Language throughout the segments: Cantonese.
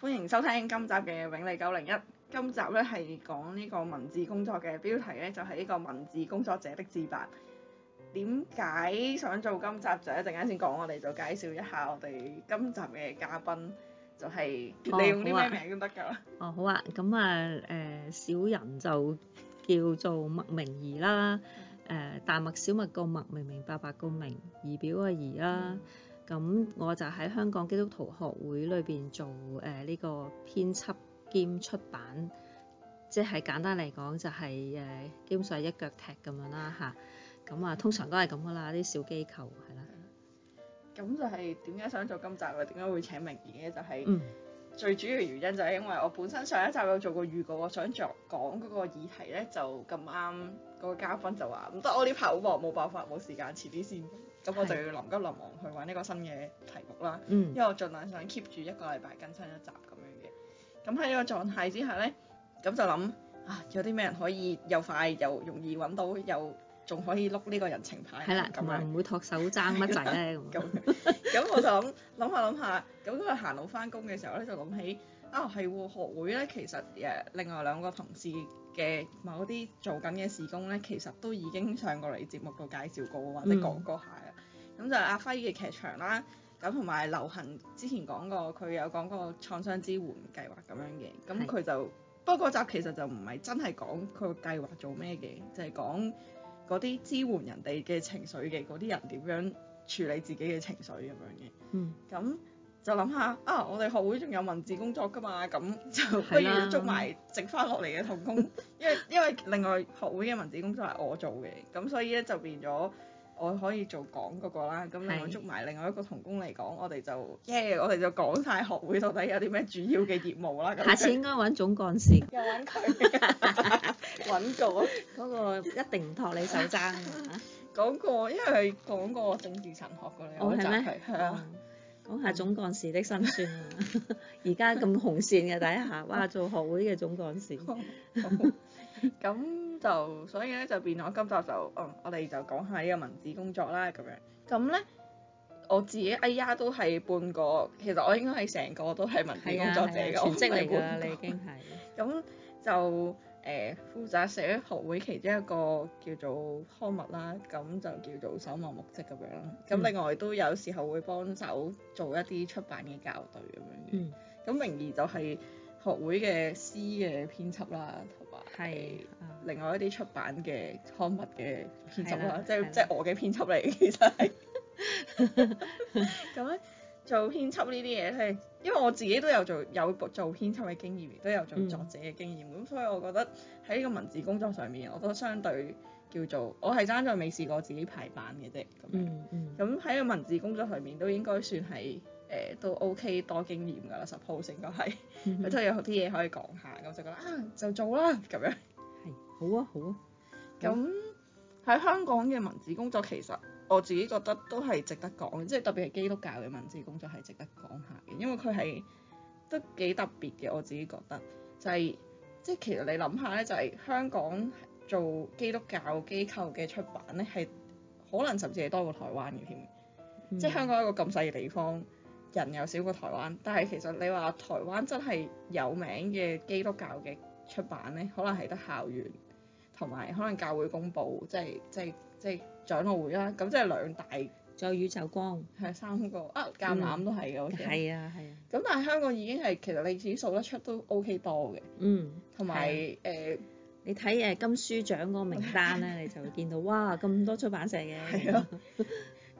歡迎收聽今集嘅永利九零一。今集咧係講呢個文字工作嘅標題咧就係呢個文字工作者的自白。點解想做今集就一陣間先講，我哋就介紹一下我哋今集嘅嘉賓，就係你用啲咩名都得噶。哦好啊，咁啊誒小人就叫做麥明儀啦。誒大麥小麥個麥，明明白白個明，儀表個儀啦。咁我就喺香港基督徒學會裏邊做誒呢、呃這個編輯兼出版，即係簡單嚟講就係、是、誒，基本上係一腳踢咁樣啦吓，咁啊，啊，通常都係咁噶啦，啲小機構係啦。咁、嗯、就係點解想做今集嘅？點解會請明儀？就係、是、最主要原因就係因為我本身上一集有做過預告，我想作講嗰個議題咧就咁啱，嗰個嘉賓就話唔得，我呢排好忙，冇辦法冇時間，遲啲先。咁我就要臨急臨忙去揾呢個新嘅題目啦，嗯、因為我儘量想 keep 住一個禮拜更新一集咁樣嘅。咁喺呢個狀態之下咧，咁就諗啊，有啲咩人可以又快又容易揾到，又仲可以碌呢個人情牌，同埋唔會托手踭乜滯。咧咁。咁我就諗諗下諗下，咁佢行路返工嘅時候咧，就諗起啊，係喎學會咧，其實誒另外兩個同事嘅某啲做緊嘅事工咧，其實都已經上過嚟節目度介紹過或者講過下。嗯。咁就係阿輝嘅劇場啦，咁同埋流行之前講過，佢有講過創傷支援計劃咁樣嘅，咁佢就的不過嗰集其實就唔係真係講佢個計劃做咩嘅，就係講嗰啲支援人哋嘅情緒嘅，嗰啲人點樣處理自己嘅情緒咁樣嘅。嗯。咁就諗下啊，我哋學會仲有文字工作㗎嘛，咁就不如捉埋剩翻落嚟嘅同工，的因為 因為另外學會嘅文字工作係我做嘅，咁所以咧就變咗。我可以做講嗰個啦，咁另嚟捉埋另外一個同工嚟講，是我哋就即係，我哋就講晒學會到底有啲咩主要嘅業務啦。下次應該揾總幹事。又揾佢啊！揾過嗰個一定唔托你手踭啊！講過因為講過政治神學嗰類。哦，係咩？係啊，講下總幹事的辛酸啊！而家咁紅線嘅底下，哇，做學會嘅總幹事。 咁 就所以咧，就變咗今集就，嗯，我哋就講下呢個文字工作啦咁樣。咁咧呢，我自己哎呀都係半個，其實我應該係成個都係文字工作者嘅、啊啊、全職嚟噶，你已經係。咁就誒、呃、負責社學會其中一個叫做刊物啦，咁就叫做守望目跡咁樣。咁另外都有時候會幫手做一啲出版嘅校對咁樣嘅。咁明儀就係、是。學會嘅詩嘅編輯啦，同埋係另外一啲出版嘅刊物嘅編輯啦，的即係的即係我嘅編輯嚟。其實係咁咧，做編輯呢啲嘢，係因為我自己都有做有做編輯嘅經驗，亦都有做作者嘅經驗，咁、嗯、所以我覺得喺呢個文字工作上面，我都相對叫做我係爭在未試過自己排版嘅啫咁樣，咁喺、嗯嗯、個文字工作上面都應該算係。誒、呃、都 O、OK, K 多經驗㗎啦，十 house 應該係佢都有啲嘢可以講下，咁就覺得啊就做啦咁樣係好啊好啊咁喺、嗯嗯、香港嘅文字工作其實我自己覺得都係值得講即係特別係基督教嘅文字工作係值得講下嘅，因為佢係都幾特別嘅我自己覺得就係、是、即係其實你諗下咧，就係、是、香港做基督教機構嘅出版咧係可能甚至係多過台灣嘅添，嗯、即係香港一個咁細嘅地方。人又少過台灣，但係其實你話台灣真係有名嘅基督教嘅出版咧，可能係得校園同埋可能教會公報，即係即係即係長老會啦，咁即係兩大，仲有宇宙光，係三個啊，橄欖都係嘅，好、嗯、okay. 啊，係啊係。咁但係香港已經係其實你自己數得出都 OK 多嘅，嗯，同埋誒，啊呃、你睇誒金書獎嗰個名單咧，啊、你就會見到哇咁多出版社嘅，係咯、啊，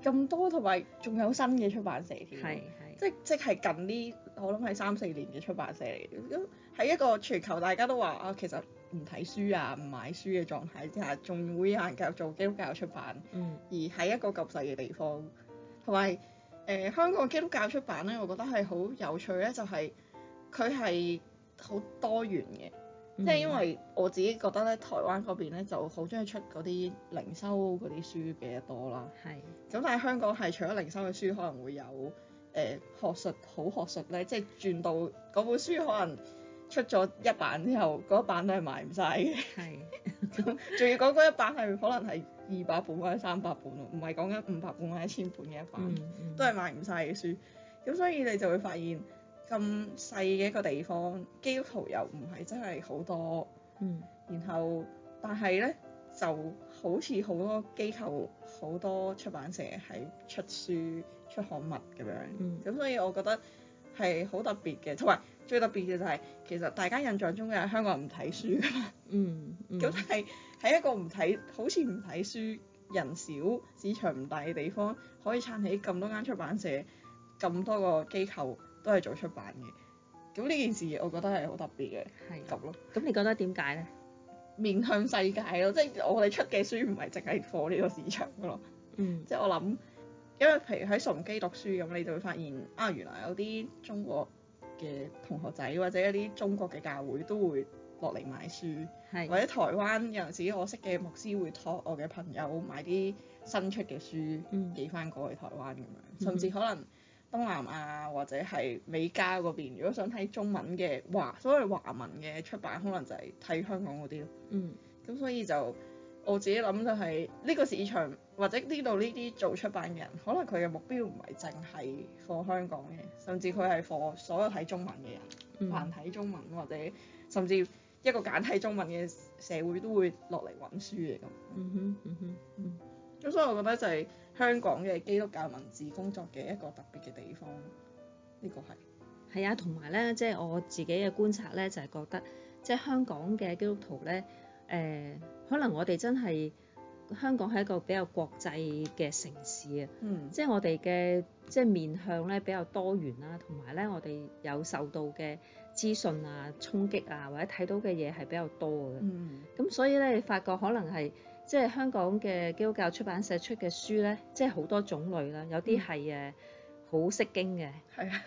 咁多同埋仲有新嘅出版社添。即即係近啲，我諗係三四年嘅出版社嚟，嘅。喺一個全球大家都話啊，其實唔睇書啊，唔買書嘅狀態之下，仲會有人繼續做基督教出版，嗯、而喺一個咁細嘅地方，同埋誒香港基督教出版呢，我覺得係好有趣呢就係佢係好多元嘅，嗯、即係因為我自己覺得呢，台灣嗰邊呢就好中意出嗰啲靈修嗰啲書比較多啦，咁是但係香港係除咗靈修嘅書可能會有。誒、呃、學術好學術咧，即係轉到嗰本書可能出咗一版之後，嗰一版都係賣唔晒嘅。係，仲要講嗰一版係可能係二百本或者三百本，唔係講緊五百本或者一千本嘅一版，嗯嗯、都係賣唔晒嘅書。咁所以你就會發現咁細嘅一個地方，機構又唔係真係好多。嗯。然後，但係咧，就好似好多機構、好多出版社係出書。出刊物咁樣，咁、嗯、所以我覺得係好特別嘅，同埋最特別嘅就係、是、其實大家印象中嘅香港人唔睇書㗎嘛，咁但係喺一個唔睇好似唔睇書，人少，市場唔大嘅地方，可以撐起咁多間出版社，咁多個機構都係做出版嘅，咁呢件事我覺得係好特別嘅，係咁咯。咁你覺得點解咧？面向世界咯，即係我哋出嘅書唔係淨係貨呢個市場㗎咯，嗯、即係我諗。因為譬如喺崇基讀書咁，你就會發現啊，原來有啲中國嘅同學仔或者一啲中國嘅教會都會落嚟買書，係。或者台灣有陣時我識嘅牧師會託我嘅朋友買啲新出嘅書寄翻過去台灣咁樣，嗯，甚至可能東南亞或者係美加嗰邊，如果想睇中文嘅華所謂華文嘅出版，可能就係睇香港嗰啲咯。嗯，咁所以就我自己諗就係呢個市場。或者呢度呢啲做出版嘅人，可能佢嘅目標唔係淨係 for 香港嘅，甚至佢係 for 所有睇中文嘅人，繁、嗯、體中文或者甚至一個簡體中文嘅社會都會落嚟揾書嘅咁。嗯哼，嗯哼，嗯。咁所以我覺得就係香港嘅基督教文字工作嘅一個特別嘅地方，呢、這個係係啊，同埋咧，即、就、係、是、我自己嘅觀察咧，就係、是、覺得即係、就是、香港嘅基督徒咧，誒、呃、可能我哋真係。香港係一個比較國際嘅城市啊、嗯，即係我哋嘅即係面向咧比較多元啦，同埋咧我哋有受到嘅資訊啊衝擊啊或者睇到嘅嘢係比較多嘅，咁、嗯、所以咧你發覺可能係即係香港嘅基督教出版社出嘅書咧，即係好多種類啦，有啲係誒好識經嘅，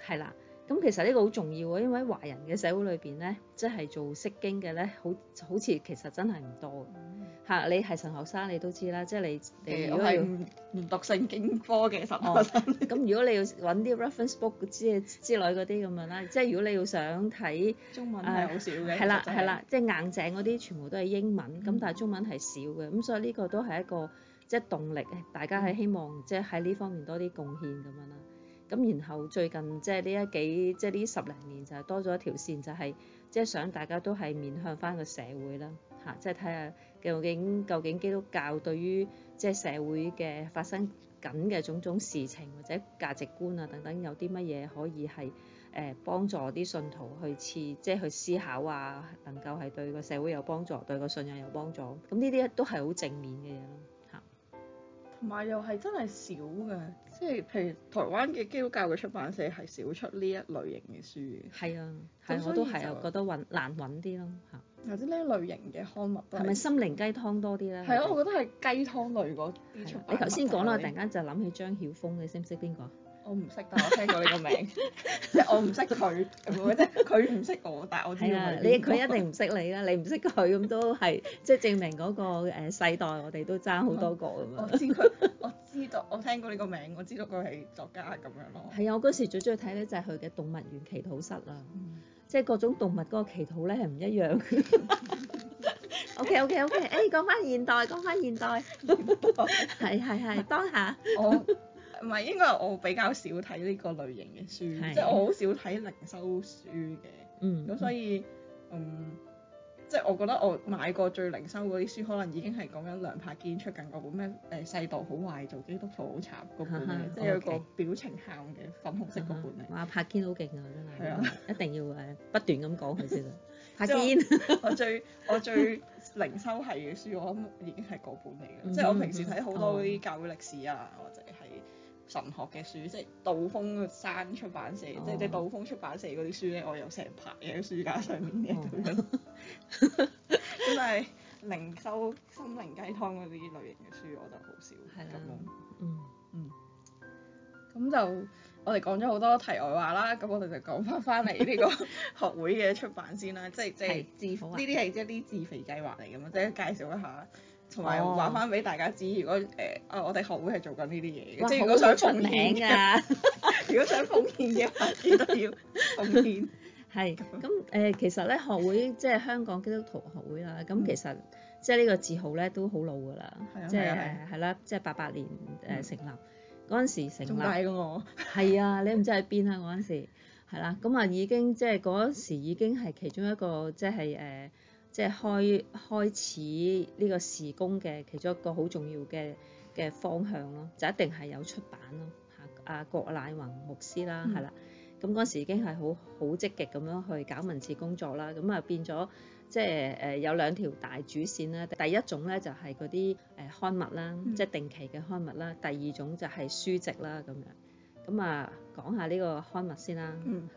係啦、嗯。的 咁其實呢個好重要啊，因為華人嘅社會裏邊咧，即係做識經嘅咧，好好似其實真係唔多嘅、嗯啊、你係神學生，你都知啦，即係你。誒、嗯，如果我係唔唔讀聖經科嘅神學生。咁、哦、如果你要揾啲 reference book 之之類嗰啲咁樣啦， 即係如果你要想睇中文係好少嘅。係啦係啦，即係硬淨嗰啲全部都係英文，咁但係中文係少嘅，咁、嗯、所以呢個都係一個即係動力，大家係希望即係喺呢方面多啲貢獻咁樣啦。咁然後最近即係呢一幾即係呢十零年就係多咗一條線，就係即係想大家都係面向翻個社會啦吓，即係睇下究竟究竟基督教對於即係社會嘅發生緊嘅種種事情或者價值觀啊等等，有啲乜嘢可以係誒幫助啲信徒去設即係去思考啊，能夠係對個社會有幫助，對個信仰有幫助。咁呢啲都係好正面嘅嘢咯吓，同埋又係真係少嘅。即係譬如台灣嘅基督教嘅出版社係少出呢一類型嘅書嘅，係啊，係我都係啊，覺得揾難揾啲咯嚇。或者呢類型嘅刊物，係咪心靈雞湯多啲啦，啊？係啊，我覺得係雞湯類嗰啲、啊、你頭先講啦，我突然間就諗起張曉風，你識唔識邊個？我唔識得，我聽過你個名，即係我唔識佢，佢唔識我，但係我知。係，你佢一定唔識你啦，你唔識佢咁都係，即係證明嗰個世代，我哋都爭好多個咁啊！我知佢，我知道，我聽過你個名，我知道佢係作家咁樣咯。係啊，我嗰時最中意睇咧就係佢嘅《動物園祈禱室》啊，即係各種動物嗰個祈禱咧係唔一樣。OK OK OK，誒，講翻現代，講翻現代，現代係係係當下。唔係應該係我比較少睇呢個類型嘅書，即係我好少睇靈修書嘅。嗯。咁所以嗯，即係我覺得我買過最靈修嗰啲書，可能已經係講緊梁柏堅出緊嗰本咩誒《世道好壞做基督徒好慘》嗰本咧，即係有個表情喊嘅粉紅色嗰本嚟。哇！柏堅好勁啊，真係，係啊，一定要誒不斷咁講佢先。柏堅。我最我最靈修係嘅書，我諗已經係嗰本嚟嘅，即係我平時睇好多啲教會歷史啊，或者係神學嘅書，即係道風山出版社，哦、即係即係道風出版社嗰啲書咧，我有成排喺書架上面嘅一堆咯。真係、哦、 靈修、心靈雞湯嗰啲類型嘅書，我就好少咁、啊、樣。嗯嗯。咁、嗯、就我哋講咗好多題外話啦，咁我哋就講翻翻嚟呢個學會嘅出版先啦， 即係即係自肥。呢啲係即係啲自肥計劃嚟㗎嘛，嗯、即係介紹一下。同埋話翻俾大家知，如果誒啊，我哋學會係做緊呢啲嘢嘅，即係如果想出名啊，如果想奉獻嘅話，都要奉獻。係咁誒，其實咧學會即係香港基督徒學會啦。咁其實即係呢個字號咧都好老㗎啦。係啊係啦，即係八八年誒成立嗰陣時成立。中大嘅我。係啊，你唔知喺邊啊？嗰陣時係啦，咁啊已經即係嗰陣時已經係其中一個即係誒。即係開開始呢個時工嘅其中一個好重要嘅嘅方向咯，就一定係有出版咯嚇。阿、啊、郭乃弘牧師啦，係啦、嗯，咁嗰、嗯、時已經係好好積極咁樣去搞文字工作啦。咁啊變咗即係誒有兩條大主線啦。第一種咧就係嗰啲誒刊物啦，即係定期嘅刊物啦。第二種就係書籍啦咁樣。咁啊講下呢個刊物先啦嚇。嗯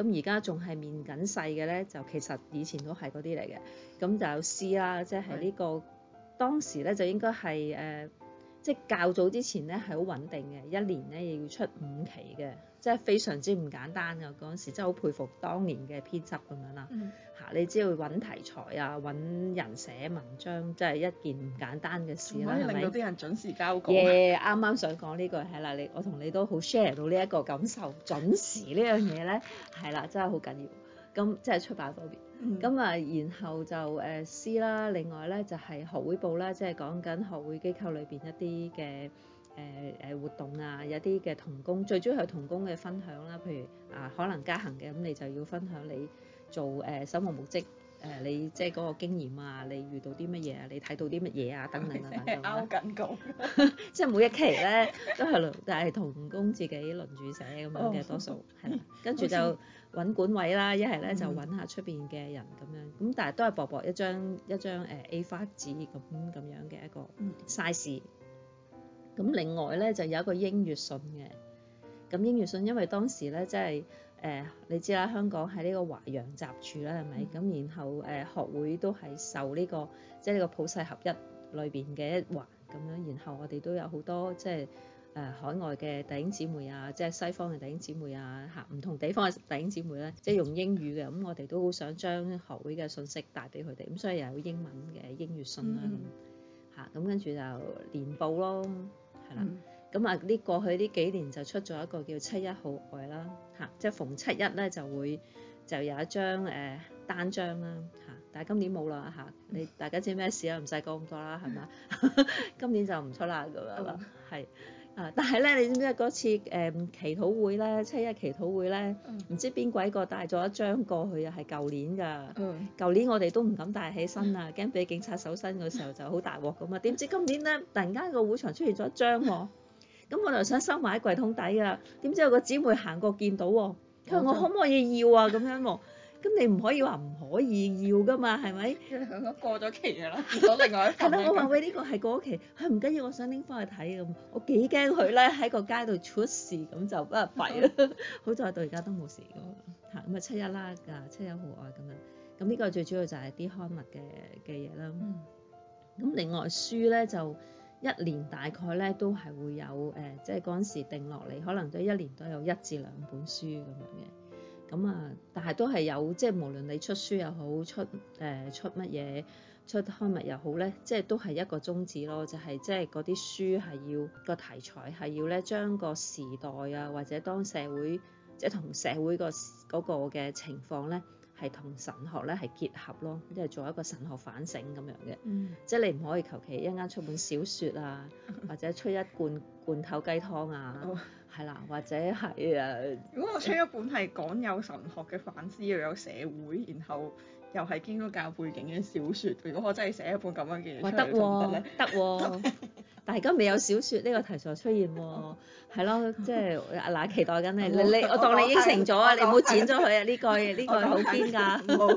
咁而家仲係面緊細嘅咧，就其實以前都係嗰啲嚟嘅。咁就有時啦、這個呃，即係呢個當時咧就應該係誒，即係較早之前咧係好穩定嘅，一年咧要出五期嘅。即係非常之唔簡單㗎，嗰陣時真係好佩服當年嘅編輯咁樣啦。嚇、嗯啊，你只要揾題材啊，揾人寫文章，真係一件唔簡單嘅事，可以令到啲人準時交稿。啱啱、yeah, 想講呢句係啦，你我同你都好 share 到呢一個感受。 準時呢樣嘢咧係啦，真係好緊要。咁即係出版嗰邊。咁啊、嗯，然後就誒詩、呃、啦，另外咧就係、是、學會報啦，即係講緊學會機構裏邊一啲嘅。誒誒活動啊，有啲嘅同工最主要係同工嘅分享啦，譬如啊可能家行嘅咁，你就要分享你做誒守望無職誒，你即係嗰個經驗啊，你遇到啲乜嘢啊，你睇到啲乜嘢啊等等等等啦。即係每一期咧都係輪，但係同工自己輪住寫咁樣嘅多數係啦，跟住就揾管委啦，一係咧就揾下出邊嘅人咁樣，咁但係都係薄薄一張一張誒 A5 紙咁咁樣嘅一個 size。咁另外咧就有一個英語信嘅，咁英語信因為當時咧即係誒你知啦，香港喺呢個華洋雜處啦，係咪？咁、嗯、然後誒、呃、學會都係受呢、這個即係呢個普世合一裏邊嘅一環咁樣，然後我哋都有好多即係誒海外嘅弟兄姊妹啊，即係西方嘅弟兄姊妹啊，嚇唔同地方嘅弟兄姊妹咧、啊，即、就、係、是、用英語嘅，咁、嗯、我哋都好想將學會嘅信息帶俾佢哋，咁所以又有英文嘅英語信啦，嚇咁跟住就年報咯。啦，咁啊呢過去呢幾年就出咗一個叫七一號外啦，嚇，即係逢七一咧就會就有一張誒、呃、單張啦，嚇，但係今年冇啦嚇，你大家知咩事呀？唔使講咁多啦，係嘛，嗯、 今年就唔出啦咁樣啦，係。嗯。但係咧，你知唔知嗰次誒、呃、祈禱會咧，七一祈禱會咧，唔知邊鬼個帶咗一張過去啊，係舊年㗎。舊、嗯、年我哋都唔敢帶起身啊，驚俾警察搜身嘅時候就好大鑊咁啊。點知今年咧，突然間個會場出現咗一張喎，咁 我就想收埋喺櫃桶底啊。點知有個姊妹行過見到喎，佢話、嗯、我可唔可以要啊？咁樣喎。咁你唔可以話唔可以要噶嘛，係咪？即 過咗期啦，攞另外一份。係咩？我話喂，呢個、 哎、係過咗期，佢唔緊要，我想拎翻去睇咁。我幾驚佢咧喺個街度出事咁 就不、 嗯、就弊啦。好在到而家都冇事喎。嚇，咁啊七一啦㗎，七一好愛咁樣。咁呢個最主要就係啲刊物嘅嘅嘢啦。咁、嗯、另外書咧就一年大概咧都係會有誒，即係嗰陣時定落嚟，可能都一年都有一至兩本書咁樣嘅。咁啊，但係都係有，即係無論你出書又好，出誒出乜嘢，出刊物又好咧，即係都係一個宗旨咯，就係、係、即係嗰啲書係要個題材係要咧將個時代啊，或者當社會即係同社會那個嗰個嘅情況咧，係同神學咧係結合咯、啊，即係做一個神學反省咁樣嘅，即係、嗯、你唔可以求其一間出一本小説啊，或者出一罐罐頭雞湯啊。嗯係啦，或者係誒。如果我寫一本係講有神學嘅反思又有社會，然後又係基督教背景嘅小說，如果我真係寫一本咁樣嘅嘢出嚟得唔得咧？得喎，但係而家未有小說呢個題材出現喎。係咯，即係啊，嗱，期待緊你。你我當你應承咗啊，你唔好剪咗佢啊！呢個呢個好堅㗎，好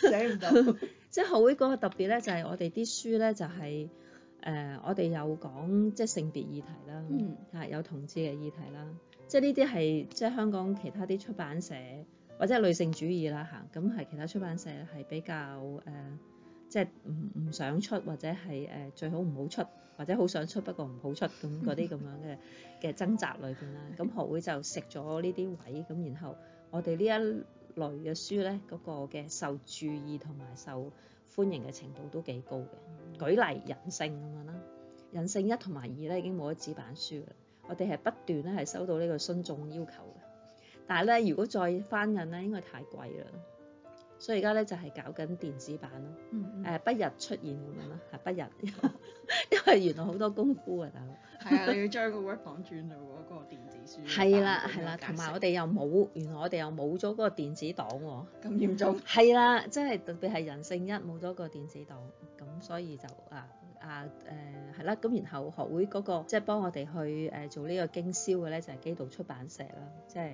寫唔到。即係學會嗰個特別咧，就係我哋啲書咧就係。誒、呃，我哋有講即係性別議題啦，嚇、嗯嗯、有同志嘅議題啦，即係呢啲係即香港其他啲出版社或者女性主義啦嚇，咁、嗯、係其他出版社係比較誒、呃，即係唔唔想出或者係誒、呃、最好唔好出，或者好想出不過唔好出咁嗰啲咁樣嘅嘅掙扎裏邊啦，咁 學會就食咗呢啲位。咁然後我哋呢一類嘅書咧嗰、那個嘅受注意同埋受歡迎嘅程度都幾高嘅。舉例《人性》咁樣啦，《人性一》同埋《二》咧已經冇咗紙版書啦。我哋係不斷咧係收到呢個信眾要求嘅，但係咧如果再翻印咧應該太貴啦，所以而家咧就係、是、搞緊電子版咯。誒不、嗯嗯呃、日出現咁樣啦，係不日， 因為原來好多功夫啊，大佬。係啊，你要將個 word 檔轉做嗰個電子書。係啦，係啦，同埋我哋又冇，原來我哋又冇咗嗰個電子檔喎。咁嚴重？係啦，即係特別係人性一冇咗個電子檔，咁 所以就啊啊誒係啦，咁、啊、然後學會嗰、那個即係、就是、幫我哋去誒、呃、做呢個經銷嘅咧，就係基道出版社啦，即係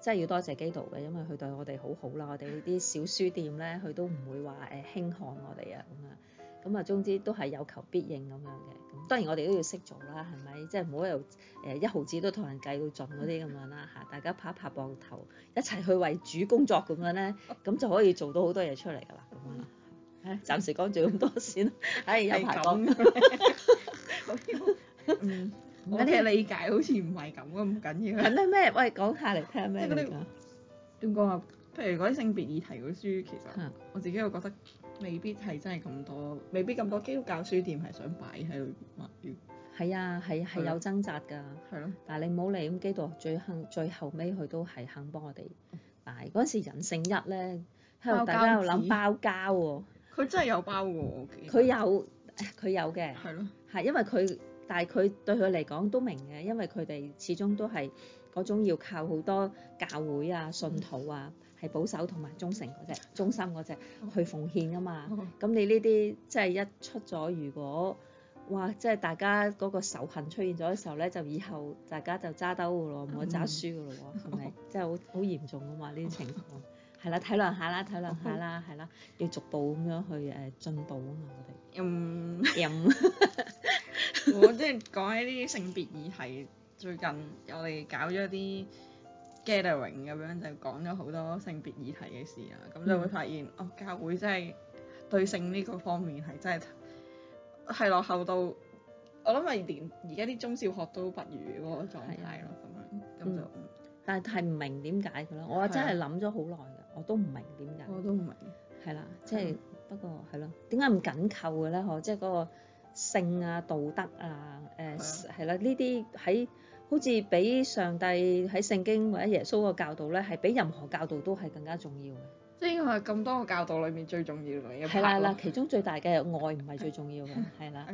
即係要多謝基道嘅，因為佢對我哋好好啦，我哋呢啲小書店咧，佢都唔會話誒、呃、輕看我哋啊咁啊。咁啊，總之都係有求必應咁樣嘅。當然我哋都要識做啦，係咪？即係唔好又誒一毫子都同人計到盡嗰啲咁樣啦嚇。大家拍一拍膊頭，一齊去為主工作咁樣咧，咁 就可以做到好多嘢出嚟噶啦。咁啊，暫時講住咁多先。唉、 哎，有排講。 我哋嘅理解好似唔係咁啊，唔緊要。係咩？喂，講下嚟聽下咩嚟㗎？點 講？譬如嗰啲性別議題嗰啲書，其實我自己又覺得未必係真係咁多，未必咁多基督教書店係想擺喺度賣嘅。係啊，係係有掙扎㗎，的但係你冇理咁基道最肯最後尾佢都係肯幫我哋。但係嗰時人性一咧，喺度大家又諗包交喎、啊。佢真係有包㗎、啊、喎？我記得。佢有，佢有嘅。係咯的。係因為佢，但係佢對佢嚟講都明嘅，因為佢哋始終都係嗰種要靠好多教會啊、信徒啊。嗯保守同埋忠誠嗰隻，忠心嗰隻去奉獻啊嘛，咁、oh. 你呢啲即係一出咗，如果哇，即、就、係、是、大家嗰個仇恨出現咗嘅時候咧，就以後大家就揸兜嘅咯，唔好揸輸嘅咯，係咪、um.？Oh. 即係好好嚴重啊嘛，呢啲情況。係啦、oh. oh.，體諒下啦，體諒下啦，係啦，要逐步咁樣去誒進步啊嘛，我哋。又唔？我即係講起呢啲性別議題，最近我哋搞咗啲。gathering 咁樣就講咗好多性別議題嘅事啊，咁就會發現、嗯、哦，教會真係對性呢個方面係真係係落後到，我諗咪連而家啲中小學都不如嗰個狀態咯，咁、嗯、樣，咁就但係唔明點解嘅咯，我真係諗咗好耐㗎，是啊、我都唔明點解，我都唔明，係啦，即係不過係咯，點解咁緊扣嘅咧？嗬，即係嗰個性啊、道德啊、誒係啦，呢啲喺好似俾上帝喺聖經或者耶穌個教導咧，係比任何教導都係更加重要嘅。即係呢個係咁多個教導裏面最重要嘅。係啦啦， 其中最大嘅愛唔係最重要嘅，係啦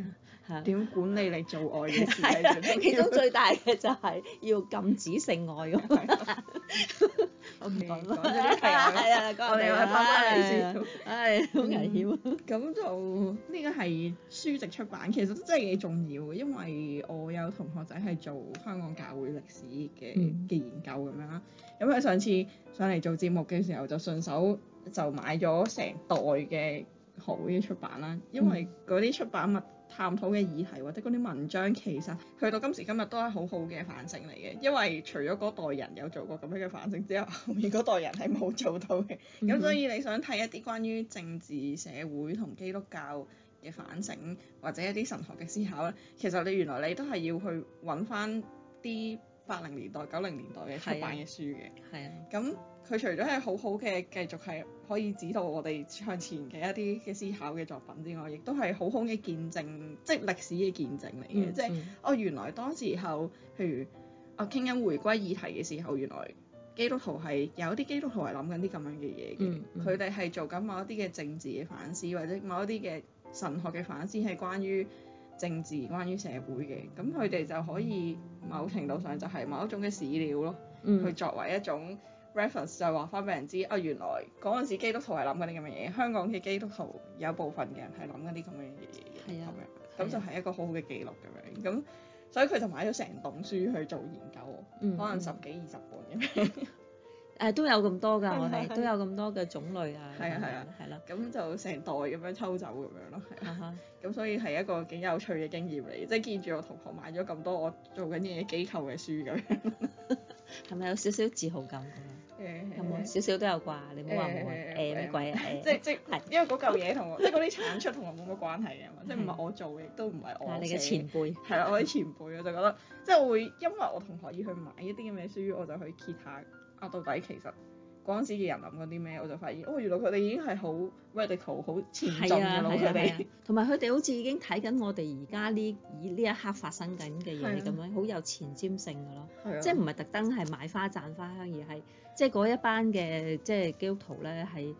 嚇。點管理你做愛嘅事？係啦，其中最大嘅就係要禁止性愛。 我未講咗啊！係 啊，我哋我翻翻嚟先。唉、 嗯，好危險啊！咁就呢個係書籍出版，其實真係幾重要，因為我有同學仔係做香港教會歷史嘅嘅研究咁樣啦。咁佢、嗯、上次上嚟做節目嘅時候，就順手就買咗成袋嘅學會嘅出版啦，因為嗰啲出版物，探討嘅議題或者嗰啲文章，其實去到今時今日都係好好嘅反省嚟嘅，因為除咗嗰代人有做過咁樣嘅反省之後，後面嗰代人係冇做到嘅。咁、嗯、哼所以你想睇一啲關於政治社會同基督教嘅反省或者一啲神學嘅思考咧，其實你原來你都係要去揾翻啲八零年代九零年代嘅出版嘅書嘅。係啊。咁。佢除咗係好好嘅繼續係可以指導我哋向前嘅一啲嘅思考嘅作品之外，亦都係好好嘅見證，即係歷史嘅見證嚟嘅。嗯、即係哦，原來當時候，譬如我傾緊回歸議題嘅時候，原來基督徒係有啲基督徒係諗緊啲咁樣嘅嘢嘅。佢哋係做緊某一啲嘅政治嘅反思，或者某一啲嘅神學嘅反思係關於政治、關於社會嘅。咁佢哋就可以某程度上就係某一種嘅史料咯，嗯、去作為一種。reference 就係話翻俾人知啊，原來嗰陣時基督徒係諗緊啲咁嘅嘢，香港嘅基督徒有部分嘅人係諗緊啲咁嘅嘢，係啊，咁就係一個好好嘅記錄咁樣咁，所以佢就買咗成棟書去做研究，可能十幾二十本咁樣。誒都有咁多㗎，我哋都有咁多嘅種類啊。係啊係啊，係啦。咁就成袋咁樣抽走咁樣咯，咁所以係一個幾有趣嘅經驗嚟，即係見住我同學買咗咁多我做緊嘢嘅機構嘅書咁樣。係咪有少少自豪感？少少都有啩，你好話冇啊？咩鬼啊！欸、即係即係， 因為嗰嚿嘢同我， 即係嗰啲產出同我冇乜關係嘅， 即係唔係我做嘅，亦都唔係我。但係你嘅前輩。係啦，我啲前輩我就覺得即係我會因為我同學要去買一啲咁嘅書，我就去揭下啊，到底其實。嗰陣時嘅人諗過啲咩？我就發現，哦，原來佢哋已經係好 radical，好前進噶咯。佢哋同埋佢哋好似已經睇緊我哋而家呢呢一刻發生緊嘅嘢咁樣，好有前瞻性噶咯。即係唔係特登係買花讚花香而係，即係嗰一班嘅即係基督徒咧，係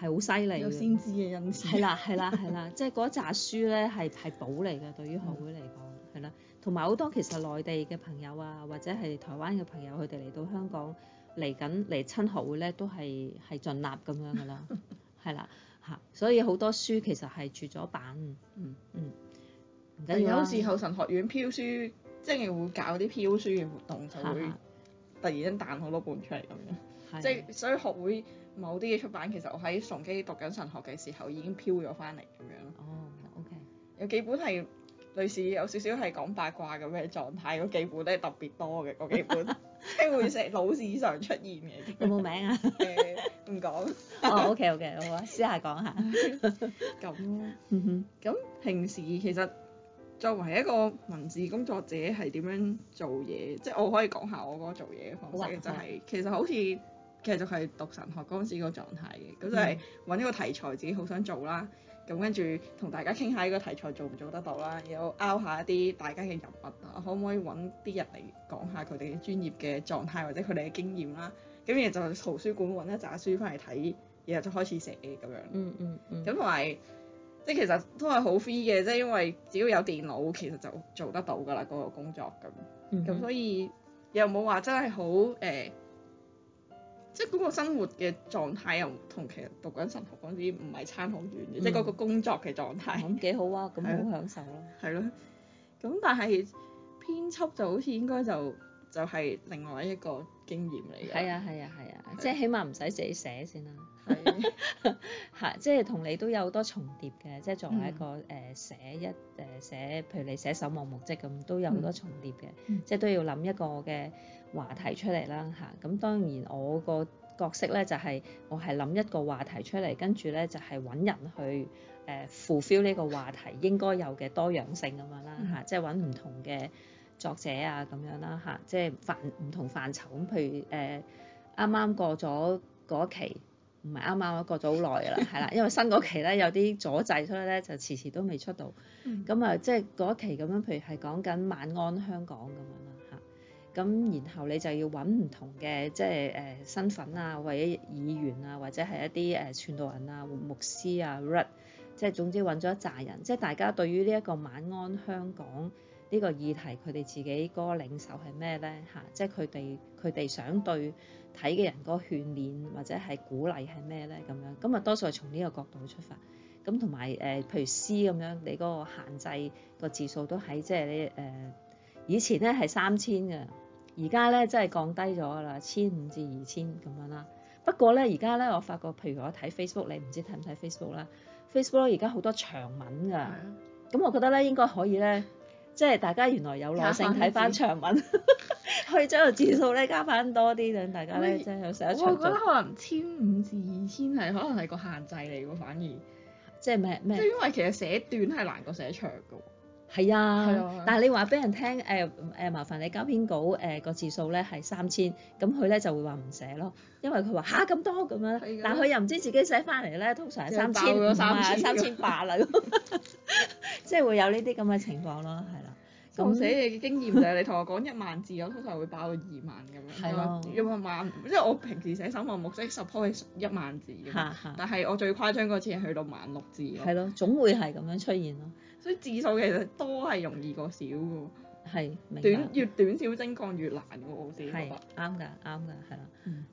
係好犀利。有先知嘅恩賜。係啦係啦係啦，即係嗰一扎書咧係係寶嚟嘅，對於學會嚟講係啦。同埋好多其實內地嘅朋友啊，或者係台灣嘅朋友，佢哋嚟到香港。嚟緊嚟親學會咧，都係係盡納咁樣噶啦，係啦嚇，所以好多書其實係絕咗版，嗯嗯，有時候、嗯、神學院漂書，即係會搞啲漂書嘅活動，就會突然間彈好多本出嚟咁樣，的即係所以學會某啲嘢出版，其實我喺崇基讀緊神學嘅時候已經漂咗返嚟咁樣咯。哦，OK，有幾本係類似有少少係講八卦咁嘅狀態，嗰幾本咧特別多嘅嗰幾本。 即係會成老市常出現嘅， 有冇名啊？唔講。哦，OK OK，好啊，私下講下。 咁，咁平時其實作為一個文字工作者係點樣做嘢？即、就、係、是、我可以講下我嗰做嘢嘅方式 就係，其實好似其實就係讀神學嗰陣時個狀態嘅，咁就係揾一個題材自己好想做啦。 嗯咁跟住同大家傾下呢個題材做唔做得到啦，又拗下一啲大家嘅人物啊，可唔可以揾啲人嚟講下佢哋嘅專業嘅狀態或者佢哋嘅經驗啦。咁然後就圖書館揾一紮書翻嚟睇，然後就開始寫咁樣。嗯嗯，咁同埋即係其實都係好 free 嘅，即係因為只要有電腦，其實就做得到㗎啦嗰個工作咁。嗯。嗯。咁所以又冇話真係好誒。呃即係嗰個生活嘅狀態又同其實讀緊神學嗰陣唔係差好遠嘅，嗯、即係嗰個工作嘅狀態。咁幾、嗯、好啊！咁好享受咯、啊。係咯。咁但係編輯就好似應該就就係、係、另外一個經驗嚟嘅。係啊係啊係啊！的即係起碼唔使自己寫先啦。係，即係同你都有好多重疊嘅，即、就、係、是、作為一個誒、呃、寫一誒寫，譬如你寫手望目跡咁，都有好多重疊嘅，即係、嗯嗯、都要諗一個嘅話題出嚟啦。嚇，咁當然我個角色咧就係我係諗一個話題出嚟，跟住咧就係、是、揾、就是、人去誒、呃、fulfill 呢個話題應該有嘅多樣性咁樣啦。嚇、啊，即係揾唔同嘅作者啊咁樣啦。嚇、啊，即係範唔同範疇咁，譬如誒啱啱過咗嗰期。唔係啱啱，過咗好耐㗎啦，係啦，因為新嗰期咧有啲阻滯出咧，就遲遲都未出到。咁啊、嗯，即係嗰期咁樣，譬如係講緊晚安香港咁樣啦嚇。咁然後你就要揾唔同嘅，即係誒、呃、身份啊，或者議員啊，或者係一啲誒傳道人啊、牧師啊、red，即係總之揾咗一紮人，即係大家對於呢一個晚安香港呢個議題，佢哋自己嗰個領受係咩咧嚇？即係佢哋佢哋想對睇嘅人嗰個勸勉或者係鼓勵係咩咧咁樣？咁啊多數係從呢個角度去出發。咁同埋誒，譬如詩咁樣，你嗰個限制個字數都喺即係你誒、呃、以前咧係三千嘅，而家咧真係降低咗㗎啦，千五至二千咁樣啦。不過咧，而家咧我發覺，譬如我睇 Facebook，你唔知睇唔睇 Facebook 啦？Facebook 而家好多長文㗎，咁的我覺得咧應該可以咧。即係大家原來有耐性睇翻長文， 去將個字數咧加翻多啲，等 大家咧即係有寫長。我覺得可能千五至二千係可能係個限制嚟喎，反而即係咩咩？即係因為其實寫短係難過寫長㗎。係啊，啊但係你話俾人聽，誒誒，麻煩你交篇稿，誒個字數咧係三千，咁佢咧就會話唔寫咯，因為佢話嚇咁多咁樣，啊、但佢又唔知自己寫翻嚟咧，通常係三千三啊，三千八啦咁， 即係會有呢啲咁嘅情況咯，係啦、啊。咁、嗯、寫嘢嘅經驗就係你同我講一萬字，我通常會爆到二萬咁樣，因為萬，即係我平時寫散文、木寫十篇一萬字，但係我最誇張嗰次係去到萬六字。係咯、啊，總會係咁樣出現咯。所以字數其實多係容易過少嘅喎，係短越短少精確越難嘅喎，我先明白。係啱㗎，啱㗎，係啦。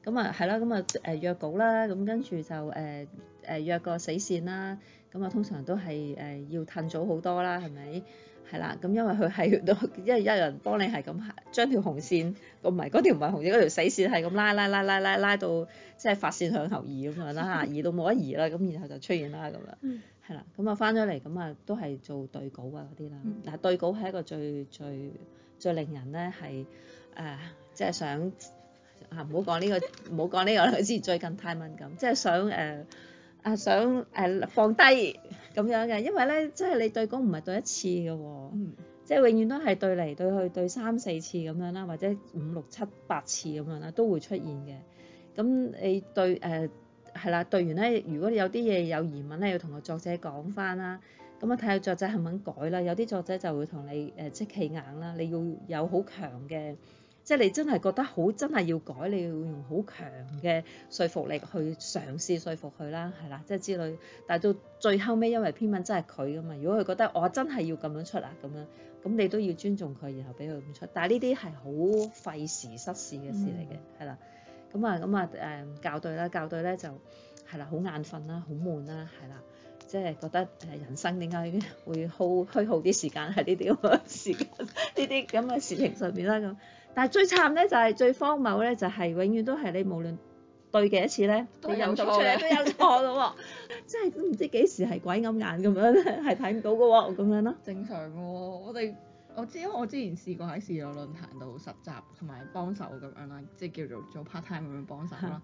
咁啊係啦，咁啊誒約稿啦，咁跟住就誒誒約個死線啦。咁啊通常都係誒、呃、要褪早好多啦，係咪？係啦，咁因為佢係都因為有人幫你係咁將條紅線，唔係嗰條唔係紅線，嗰條死線係咁拉拉拉拉拉拉到即係發線向後移咁樣啦，移到冇得移啦，咁 然後就出現啦咁樣。係啦，咁啊翻咗嚟咁啊都係做對稿啊嗰啲啦。嗱、嗯、對稿係一個最最最令人咧係誒，即、呃、係、即係、想啊唔好講呢個，唔好講呢個啦，好似最近太敏感，即、就、係、是、想誒、呃、啊想誒、呃、放低咁樣嘅，因為咧即係你對稿唔係對一次嘅喎，即係、嗯、永遠都係對嚟對去對三四次咁樣啦，或者五六七八次咁樣啦，都會出現嘅。咁你對誒？呃係啦，對完咧，如果你有啲嘢有疑問咧，要同個作者講翻啦。咁啊，睇下作者肯唔肯改啦。有啲作者就會同你誒即企硬啦。你要有好強嘅，即係你真係覺得好，真係要改，你要用好強嘅說服力去嘗試說服佢啦，係啦，即係之類。但係到最後尾，因為篇文真係佢噶嘛。如果佢覺得我真係要咁樣出啊，咁樣咁你都要尊重佢，然後俾佢咁出。但係呢啲係好費時失事嘅事嚟嘅，係啦、嗯。咁啊，咁啊、嗯，誒，校對啦，校對咧就係啦，好眼瞓啦，好悶啦，係啦，即係覺得誒人生點解會好虛耗啲時間喺呢啲時間呢啲咁嘅事情上邊啦咁。但係最慘咧就係、是、最荒謬咧、就是，就係永遠都係你無論對幾多次咧，你印錯出嚟都有錯咯喎， 真係都唔知幾時係鬼揞眼咁樣咧，係睇唔到嘅喎，咁樣咯。正常嘅喎、哦，我哋。我知，我之前試過喺時代論壇度實習同埋幫手咁樣啦，即係叫做做 part time 咁樣幫手啦。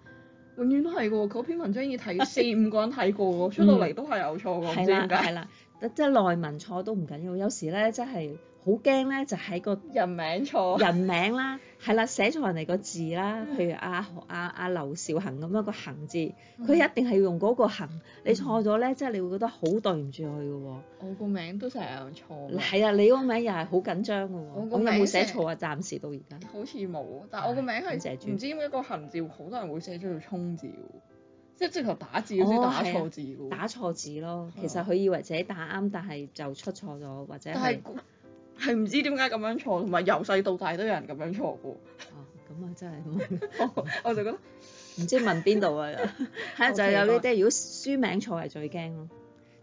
永遠都係喎，嗰篇文章已經睇四， 四五個人睇過喎，出到嚟都係有錯嘅，唔、嗯、知點解。係啦、嗯，即係內文錯都唔緊要，有時咧即係好驚咧，就喺、是、個人名錯。人名啦。 係啦，寫錯人哋個字啦，譬如阿阿阿劉少恒咁樣個「行」字，佢一定係用嗰個行，你錯咗咧，即係、嗯、你會覺得好對唔住佢嘅喎。我個名都成日有錯。係啊，你嗰個名又係好緊張嘅喎、啊。我個名。你有冇寫錯啊？暫時到而家。好似冇，但係我個名係唔知點解個「行」字好多人會寫咗做衝字喎，即係直頭打字都打錯字喎。哦、打錯字咯，啊、其實佢以為自己打啱，但係就出錯咗或者係。係唔知點解咁樣錯，同埋由細到大都有人咁樣錯嘅喎。哦，咁啊真係，我就覺得唔知問邊度啊，係就係有呢啲，okay, 如果書名錯係了了最驚咯。